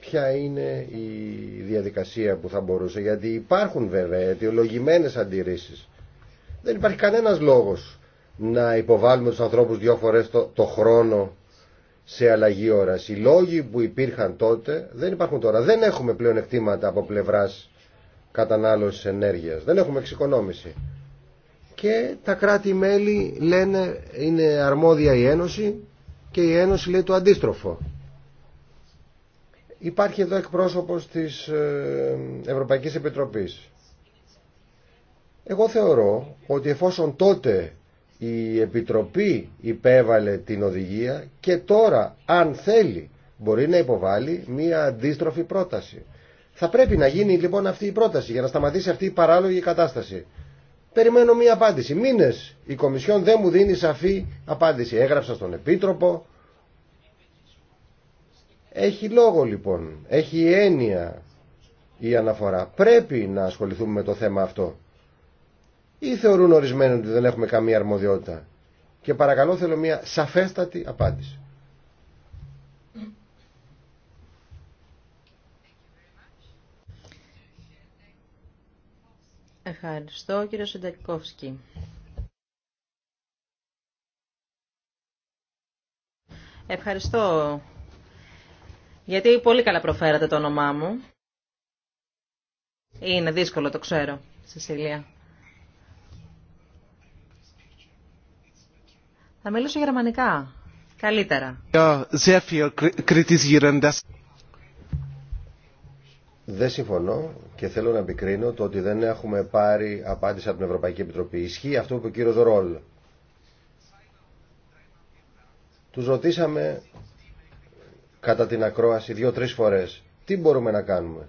Ποια είναι η διαδικασία που θα μπορούσε, γιατί υπάρχουν βέβαια αιτιολογημένες αντιρρήσεις. Δεν υπάρχει κανένας λόγος να υποβάλουμε τους ανθρώπους δύο φορές το χρόνο σε αλλαγή ώρας. Οι λόγοι που υπήρχαν τότε δεν υπάρχουν τώρα. Δεν έχουμε πλέον εκτίματα από πλευρά κατανάλωσης ενέργειας. Δεν έχουμε εξοικονόμηση. Και τα κράτη-μέλη λένε είναι αρμόδια η Ένωση και η Ένωση λέει το αντίστροφο. Υπάρχει εδώ εκπρόσωπος της ε, Ευρωπαϊκής Επιτροπής. Εγώ θεωρώ ότι εφόσον τότε η Επιτροπή υπέβαλε την οδηγία και τώρα αν θέλει μπορεί να υποβάλει μία αντίστροφη πρόταση. Θα πρέπει να γίνει λοιπόν αυτή η πρόταση για να σταματήσει αυτή η παράλογη κατάσταση. Περιμένω μία απάντηση. Μήνες η Κομισιόν δεν μου δίνει σαφή απάντηση. Έγραψα στον Επίτροπο. Έχει λόγο λοιπόν. Έχει έννοια η αναφορά. Πρέπει να ασχοληθούμε με το θέμα αυτό ή θεωρούν ορισμένοι ότι δεν έχουμε καμία αρμοδιότητα. Και παρακαλώ θέλω μια σαφέστατη απάντηση. Ευχαριστώ κύριο Σεντακόφσκι. Ευχαριστώ. Γιατί πολύ καλά προφέρατε το όνομά μου. Είναι δύσκολο, το ξέρω, Σεσίλια. Θα μιλήσω γερμανικά. Καλύτερα. Δεν συμφωνώ και θέλω να επικρίνω το ότι δεν έχουμε πάρει απάντηση από την Ευρωπαϊκή Επιτροπή. Ισχύει αυτό που ο κύριο Ρόλ. Τους ρωτήσαμε κατά την ακρόαση δύο-τρεις φορές τι μπορούμε να κάνουμε.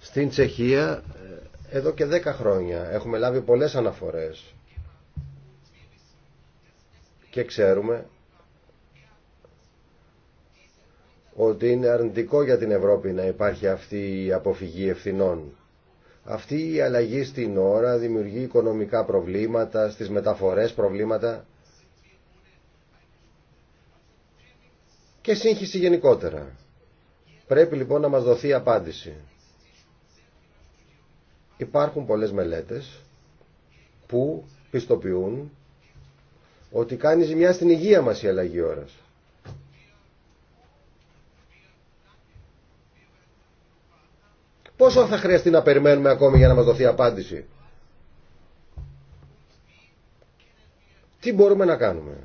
Στην Τσεχία ε, εδώ και δέκα χρόνια έχουμε λάβει πολλές αναφορές και ξέρουμε ότι είναι αρνητικό για την Ευρώπη να υπάρχει αυτή η αποφυγή ευθυνών. Αυτή η αλλαγή στην ώρα δημιουργεί οικονομικά προβλήματα, στις μεταφορές προβλήματα και σύγχυση γενικότερα. Πρέπει λοιπόν να μας δοθεί απάντηση. Υπάρχουν πολλές μελέτες που πιστοποιούν ότι κάνει ζημιά στην υγεία μας η αλλαγή ώρας. Πόσο θα χρειαστεί να περιμένουμε ακόμη για να μας δοθεί απάντηση. Τι μπορούμε να κάνουμε.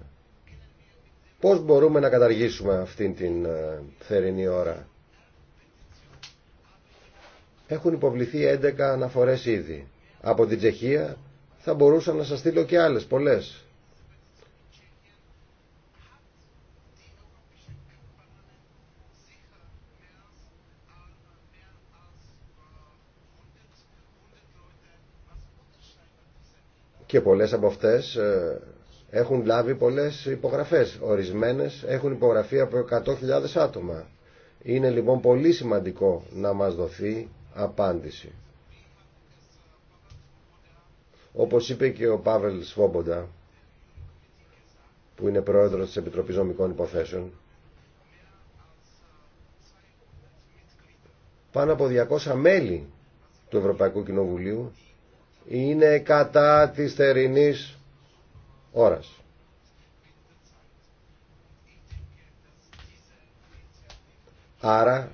Πώς μπορούμε να καταργήσουμε αυτήν την ε, θερινή ώρα. Έχουν υποβληθεί 11 αναφορές ήδη. Από την Τσεχία θα μπορούσα να σας στείλω και άλλες πολλές. και πολλές από αυτές ε, έχουν λάβει πολλές υπογραφές. Ορισμένες έχουν υπογραφεί από 100.000 άτομα. Είναι λοιπόν πολύ σημαντικό να μας δοθεί απάντηση. Όπως είπε και ο Πάβελ Σβόμποντα, που είναι πρόεδρος της Επιτροπής Νομικών Υποθέσεων, πάνω από 200 μέλη του Ευρωπαϊκού Κοινοβουλίου είναι κατά της θερινής ώρας. Άρα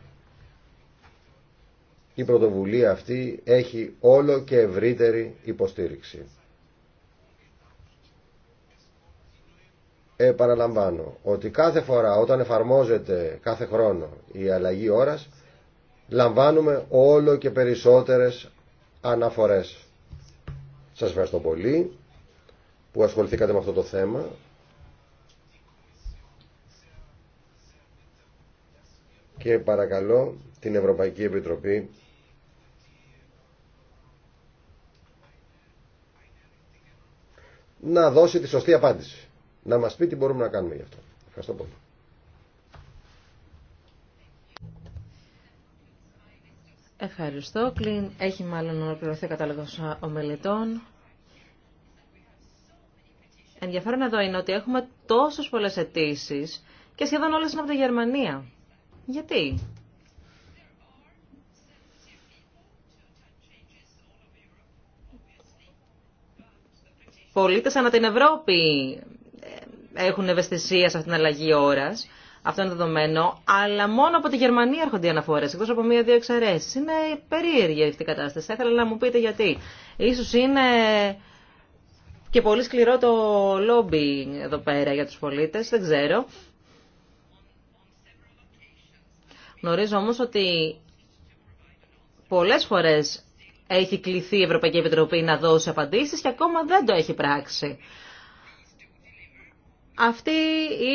η πρωτοβουλία αυτή έχει όλο και ευρύτερη υποστήριξη. Επαναλαμβάνω ότι κάθε φορά όταν εφαρμόζεται κάθε χρόνο η αλλαγή ώρας λαμβάνουμε όλο και περισσότερες αναφορές. Σας ευχαριστώ πολύ που ασχοληθήκατε με αυτό το θέμα. Και παρακαλώ την Ευρωπαϊκή Επιτροπή να δώσει τη σωστή απάντηση. Να μας πει τι μπορούμε να κάνουμε γι' αυτό. Ευχαριστώ πολύ. Ευχαριστώ. Κλίν έχει μάλλον ολοκληρωθεί ο κατάλογος ομιλητών. Ενδιαφέρον εδώ είναι ότι έχουμε τόσες πολλές αιτήσει και σχεδόν όλες είναι από τη Γερμανία. Γιατί? Πολίτες ανά την Ευρώπη ε, έχουν ευαισθησία σε αυτήν την αλλαγή ώρας, αυτό είναι δεδομένο. Αλλά μόνο από τη Γερμανία έρχονται οι αναφορέ, εκτό από μία-δύο εξαιρέσει. Είναι περίεργη αυτή η κατάσταση. Θα ήθελα να μου πείτε γιατί. σω είναι και πολύ σκληρό το λόμπι εδώ πέρα για του πολίτε. Δεν ξέρω. Γνωρίζω όμω ότι πολλέ φορέ έχει κληθεί η Ευρωπαϊκή Επιτροπή να δώσει απαντήσει και ακόμα δεν το έχει πράξει. Αυτή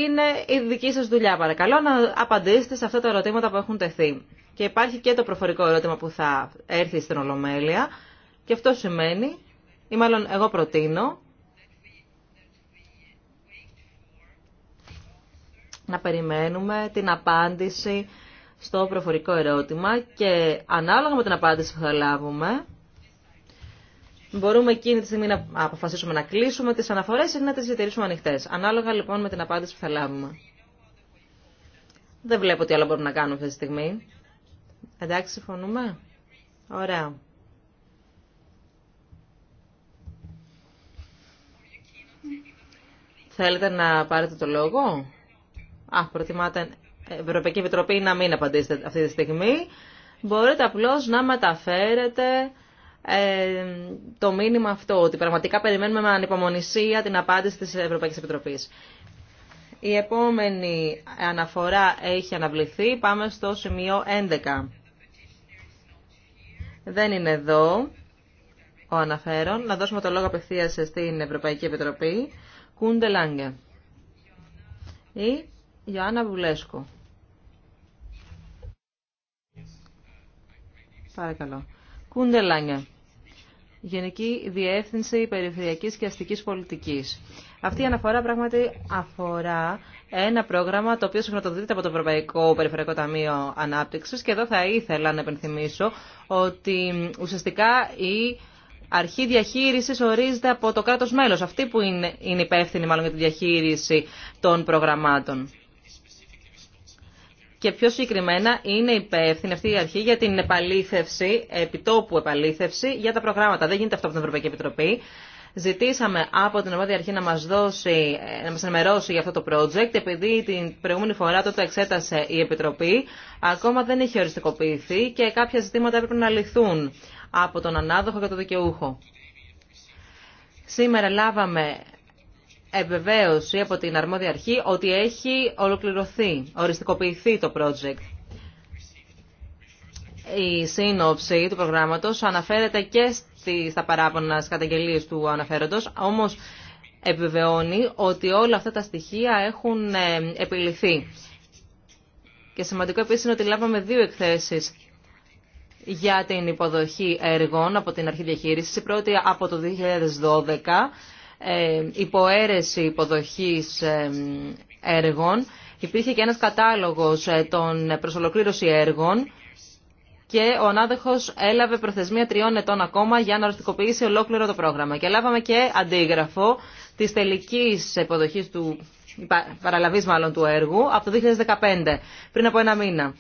είναι η δική σας δουλειά. Παρακαλώ να απαντήσετε σε αυτά τα ερωτήματα που έχουν τεθεί. Και υπάρχει και το προφορικό ερώτημα που θα έρθει στην Ολομέλεια. Και αυτό σημαίνει, ή μάλλον εγώ προτείνω, να περιμένουμε την απάντηση στο προφορικό ερώτημα και ανάλογα με την απάντηση που θα λάβουμε, Μπορούμε εκείνη τη στιγμή να αποφασίσουμε να κλείσουμε τις αναφορές ή να τις διατηρήσουμε ανοιχτέ. Ανάλογα λοιπόν με την απάντηση που θα λάβουμε. Δεν βλέπω τι άλλο μπορούμε να κάνουμε αυτή τη στιγμή. Εντάξει, συμφωνούμε. Ωραία. Θέλετε να πάρετε το λόγο. Α, προτιμάτε Ευρωπαϊκή Επιτροπή να μην απαντήσετε αυτή τη στιγμή. Μπορείτε απλώς να μεταφέρετε ε, το μήνυμα αυτό, ότι πραγματικά περιμένουμε με ανυπομονησία την απάντηση της Ευρωπαϊκής Επιτροπής. Η επόμενη αναφορά έχει αναβληθεί. Πάμε στο σημείο 11. Δεν είναι εδώ ο αναφέρον. Να δώσουμε το λόγο απευθεία στην Ευρωπαϊκή Επιτροπή. Κούντε Λάγκε. Ή Ιωάννα Βουλέσκου. Παρακαλώ. Κούντε Λάγκε. Γενική Διεύθυνση Περιφερειακής και Αστικής Πολιτικής. Αυτή η αναφορά πράγματι αφορά ένα πρόγραμμα το οποίο συγχρονοδοτείται από το Ευρωπαϊκό Περιφερειακό Ταμείο Ανάπτυξης και εδώ θα ήθελα να επενθυμίσω ότι ουσιαστικά η αρχή διαχείρισης ορίζεται από το κράτος μέλος, αυτή που είναι υπεύθυνη μάλλον για τη διαχείριση των προγραμμάτων και πιο συγκεκριμένα είναι υπεύθυνη αυτή η αρχή για την επαλήθευση, επιτόπου επαλήθευση για τα προγράμματα. Δεν γίνεται αυτό από την Ευρωπαϊκή Επιτροπή. Ζητήσαμε από την Ευρωπαϊκή Αρχή να μας, δώσει, να μας ενημερώσει για αυτό το project, επειδή την προηγούμενη φορά τότε εξέτασε η Επιτροπή, ακόμα δεν είχε οριστικοποιηθεί και κάποια ζητήματα έπρεπε να λυθούν από τον ανάδοχο και τον δικαιούχο. Σήμερα λάβαμε επιβεβαίωση από την αρμόδια αρχή ότι έχει ολοκληρωθεί, οριστικοποιηθεί το project. Η σύνοψη του προγράμματος αναφέρεται και στα παράπονα στις καταγγελίες του αναφέροντος, όμως επιβεβαιώνει ότι όλα αυτά τα στοιχεία έχουν ε, επιληθεί. Και σημαντικό επίσης είναι ότι λάβαμε δύο εκθέσεις για την υποδοχή έργων από την αρχή διαχείρισης. Η πρώτη από το 2012 ε, υποαίρεση υποδοχής έργων. Υπήρχε και ένας κατάλογος ε, των ολοκλήρωση έργων και ο ανάδεχος έλαβε προθεσμία τριών ετών ακόμα για να οριστικοποιήσει ολόκληρο το πρόγραμμα. Και λάβαμε και αντίγραφο της τελικής υποδοχής του παραλαβής μάλλον του έργου από το 2015, πριν από ένα μήνα.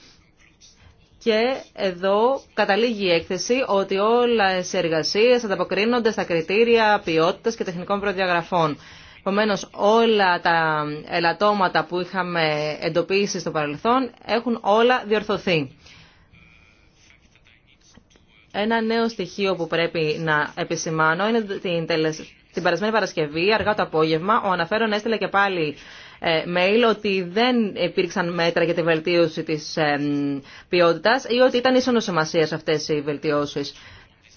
Και εδώ καταλήγει η έκθεση ότι όλα οι εργασίες ανταποκρίνονται στα κριτήρια ποιότητας και τεχνικών προδιαγραφών. Επομένω, όλα τα ελαττώματα που είχαμε εντοπίσει στο παρελθόν έχουν όλα διορθωθεί. Ένα νέο στοιχείο που πρέπει να επισημάνω είναι την, την περασμένη Παρασκευή, αργά το απόγευμα, ο αναφέρον έστειλε και πάλι ε, mail ότι δεν υπήρξαν μέτρα για τη βελτίωση της ε, ποιότητας ή ότι ήταν σημασία σε αυτές οι βελτιώσεις.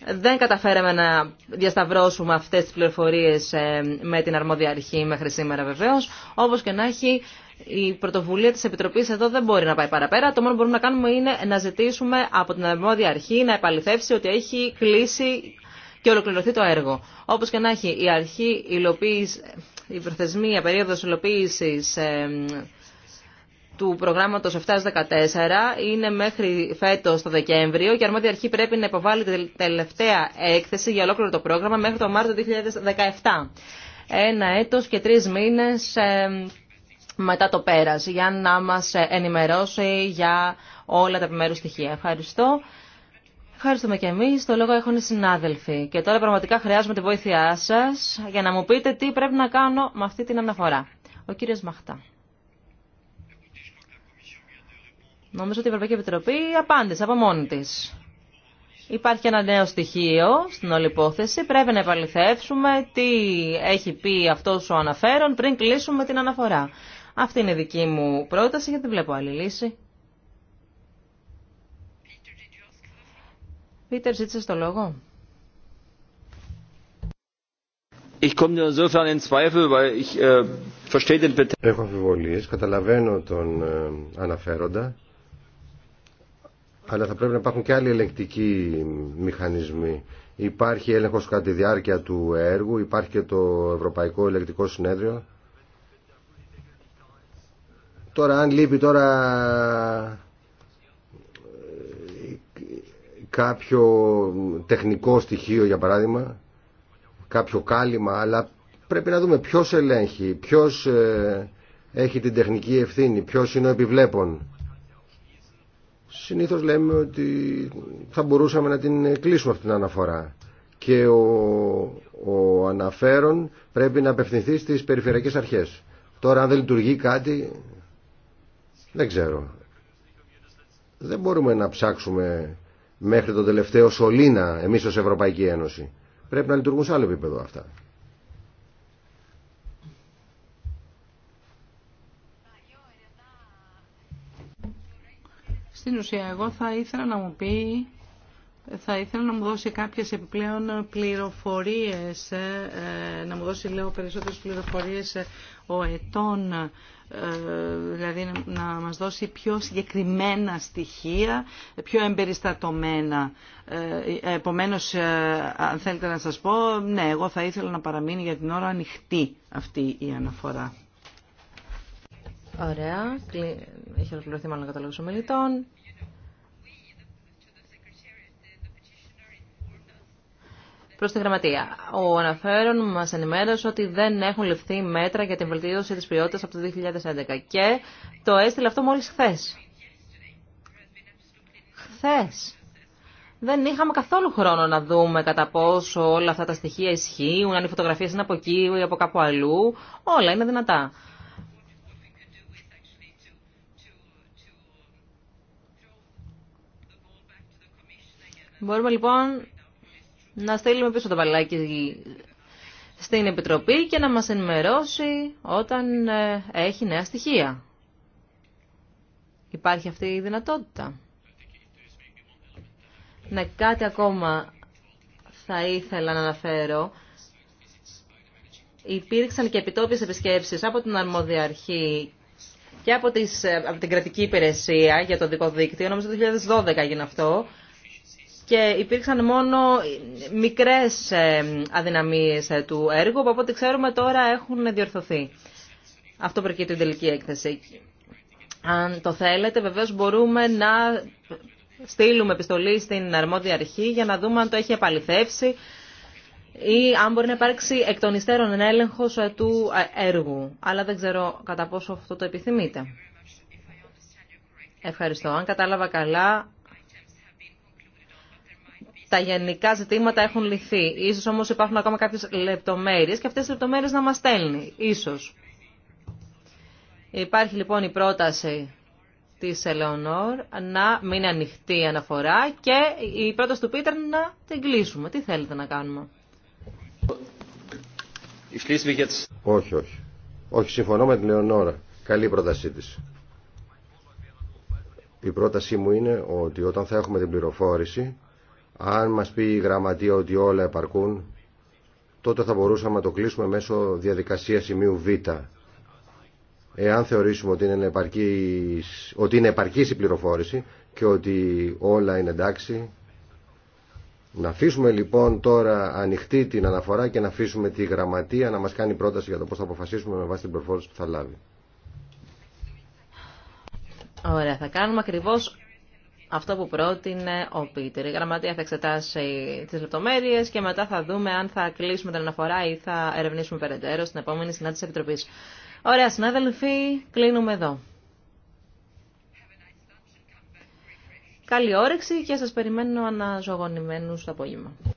Δεν καταφέραμε να διασταυρώσουμε αυτές τις πληροφορίες ε, με την αρμόδια αρχή μέχρι σήμερα βεβαίως. Όπως και να έχει, η πρωτοβουλία της Επιτροπής εδώ δεν μπορεί να πάει παραπέρα. Το μόνο που μπορούμε να κάνουμε είναι να ζητήσουμε από την αρμόδια αρχή να επαληθεύσει ότι έχει κλείσει και ολοκληρωθεί το έργο. Όπως και να έχει, η αρχή υλοποίηση η προθεσμία περίοδος υλοποίησης του προγράμματος 7-14 είναι μέχρι φέτος το Δεκέμβριο και η αρμόδια αρχή πρέπει να υποβάλει την τελευταία έκθεση για ολόκληρο το πρόγραμμα μέχρι το Μάρτιο 2017. Ένα έτος και τρεις μήνες μετά το πέρας για να μας ενημερώσει για όλα τα επιμέρους στοιχεία. Ευχαριστώ. Ευχαριστούμε και εμεί Το λόγο έχουν οι συνάδελφοι. Και τώρα πραγματικά χρειάζομαι τη βοήθειά σας για να μου πείτε τι πρέπει να κάνω με αυτή την αναφορά. Ο κύριο Μαχτά. Νομίζω ότι η Ευρωπαϊκή Επιτροπή απάντησε από μόνη τη. Υπάρχει ένα νέο στοιχείο στην όλη υπόθεση. Πρέπει να επαληθεύσουμε τι έχει πει αυτό ο αναφέρον πριν κλείσουμε την αναφορά. Αυτή είναι η δική μου πρόταση γιατί βλέπω άλλη λύση. Πίτερ, ζήτησε το λόγο. Έχω αμφιβολίες, καταλαβαίνω τον ε, αναφέροντα, αλλά θα πρέπει να υπάρχουν και άλλοι ελεγκτικοί μηχανισμοί. Υπάρχει έλεγχος κατά τη διάρκεια του έργου, υπάρχει και το Ευρωπαϊκό Ελεγκτικό Συνέδριο. Τώρα, αν λείπει τώρα κάποιο τεχνικό στοιχείο για παράδειγμα, κάποιο κάλυμα, αλλά πρέπει να δούμε ποιος ελέγχει, ποιος ε, έχει την τεχνική ευθύνη, ποιος είναι ο επιβλέπων. Συνήθως λέμε ότι θα μπορούσαμε να την κλείσουμε αυτήν την αναφορά και ο, ο αναφέρον πρέπει να απευθυνθεί στις περιφερειακές αρχές. Τώρα αν δεν λειτουργεί κάτι, δεν ξέρω. Δεν μπορούμε να ψάξουμε μέχρι το τελευταίο σωλήνα εμείς ως Ευρωπαϊκή Ένωση. Πρέπει να λειτουργούν σε άλλο επίπεδο αυτά. Στην ουσία εγώ θα ήθελα να μου πει, θα ήθελα να μου δώσει κάποιες επιπλέον πληροφορίες, ε, ε, να μου δώσει λέω περισσότερες πληροφορίες ε, ο ετών ε, δηλαδή να μας δώσει πιο συγκεκριμένα στοιχεία, πιο εμπεριστατωμένα. Ε, επομένως, ε, αν θέλετε να σας πω, ναι, εγώ θα ήθελα να παραμείνει για την ώρα ανοιχτή αυτή η αναφορά. Ωραία. Έχει ολοκληρωθεί μάλλον ο καταλόγος ομιλητών. προς τη Γραμματεία. Ο αναφέρον μας ενημέρωσε ότι δεν έχουν ληφθεί μέτρα για την βελτίωση της ποιότητας από το 2011 και το έστειλε αυτό μόλις χθες. Χθες. Δεν είχαμε καθόλου χρόνο να δούμε κατά πόσο όλα αυτά τα στοιχεία ισχύουν, αν οι φωτογραφίες είναι από εκεί ή από κάπου αλλού. Όλα είναι δυνατά. Μπορούμε λοιπόν να στείλουμε πίσω το παλάκι στην Επιτροπή και να μας ενημερώσει όταν ε, έχει νέα στοιχεία. Υπάρχει αυτή η δυνατότητα. Ναι, κάτι ακόμα θα ήθελα να αναφέρω. Υπήρξαν και επιτόπιες επισκέψεις από την αρμόδια αρχή και από, τις, ε, από την κρατική υπηρεσία για το δικό δίκτυο. Νομίζω το 2012 έγινε αυτό και υπήρξαν μόνο μικρές ε, αδυναμίες ε, του έργου, που από ό,τι ξέρουμε τώρα έχουν διορθωθεί. Αυτό προκύπτει την τελική έκθεση. Αν το θέλετε, βεβαίως μπορούμε να στείλουμε επιστολή στην αρμόδια αρχή για να δούμε αν το έχει επαληθεύσει ή αν μπορεί να υπάρξει εκ των υστέρων ε, του έργου. Αλλά δεν ξέρω κατά πόσο αυτό το επιθυμείτε. Ευχαριστώ. Αν κατάλαβα καλά, τα γενικά ζητήματα έχουν λυθεί. Ίσως όμως υπάρχουν ακόμα κάποιες λεπτομέρειες και αυτές τις λεπτομέρειες να μας στέλνει. Ίσως. Υπάρχει λοιπόν η πρόταση της Ελεονόρ να μην ανοιχτεί η αναφορά και η πρόταση του Πίτερ να την κλείσουμε. Τι θέλετε να κάνουμε. Όχι, όχι. Όχι, συμφωνώ με την Ελεονόρα. Καλή πρότασή της. Η πρότασή μου είναι ότι όταν θα έχουμε την πληροφόρηση αν μας πει η γραμματεία ότι όλα επαρκούν, τότε θα μπορούσαμε να το κλείσουμε μέσω διαδικασία σημείου Β. Εάν θεωρήσουμε ότι είναι, επαρκής, ότι η πληροφόρηση και ότι όλα είναι εντάξει, να αφήσουμε λοιπόν τώρα ανοιχτή την αναφορά και να αφήσουμε τη γραμματεία να μας κάνει πρόταση για το πώς θα αποφασίσουμε με βάση την πληροφόρηση που θα λάβει. Ωραία, θα κάνουμε ακριβώς αυτό που πρότεινε ο Πίτερ. Η γραμματεία θα εξετάσει τις λεπτομέρειες και μετά θα δούμε αν θα κλείσουμε την αναφορά ή θα ερευνήσουμε περαιτέρω στην επόμενη συνάντηση της Επιτροπής. Ωραία, συνάδελφοι, κλείνουμε εδώ. Καλή όρεξη και σας περιμένω αναζωογονημένους το απόγευμα.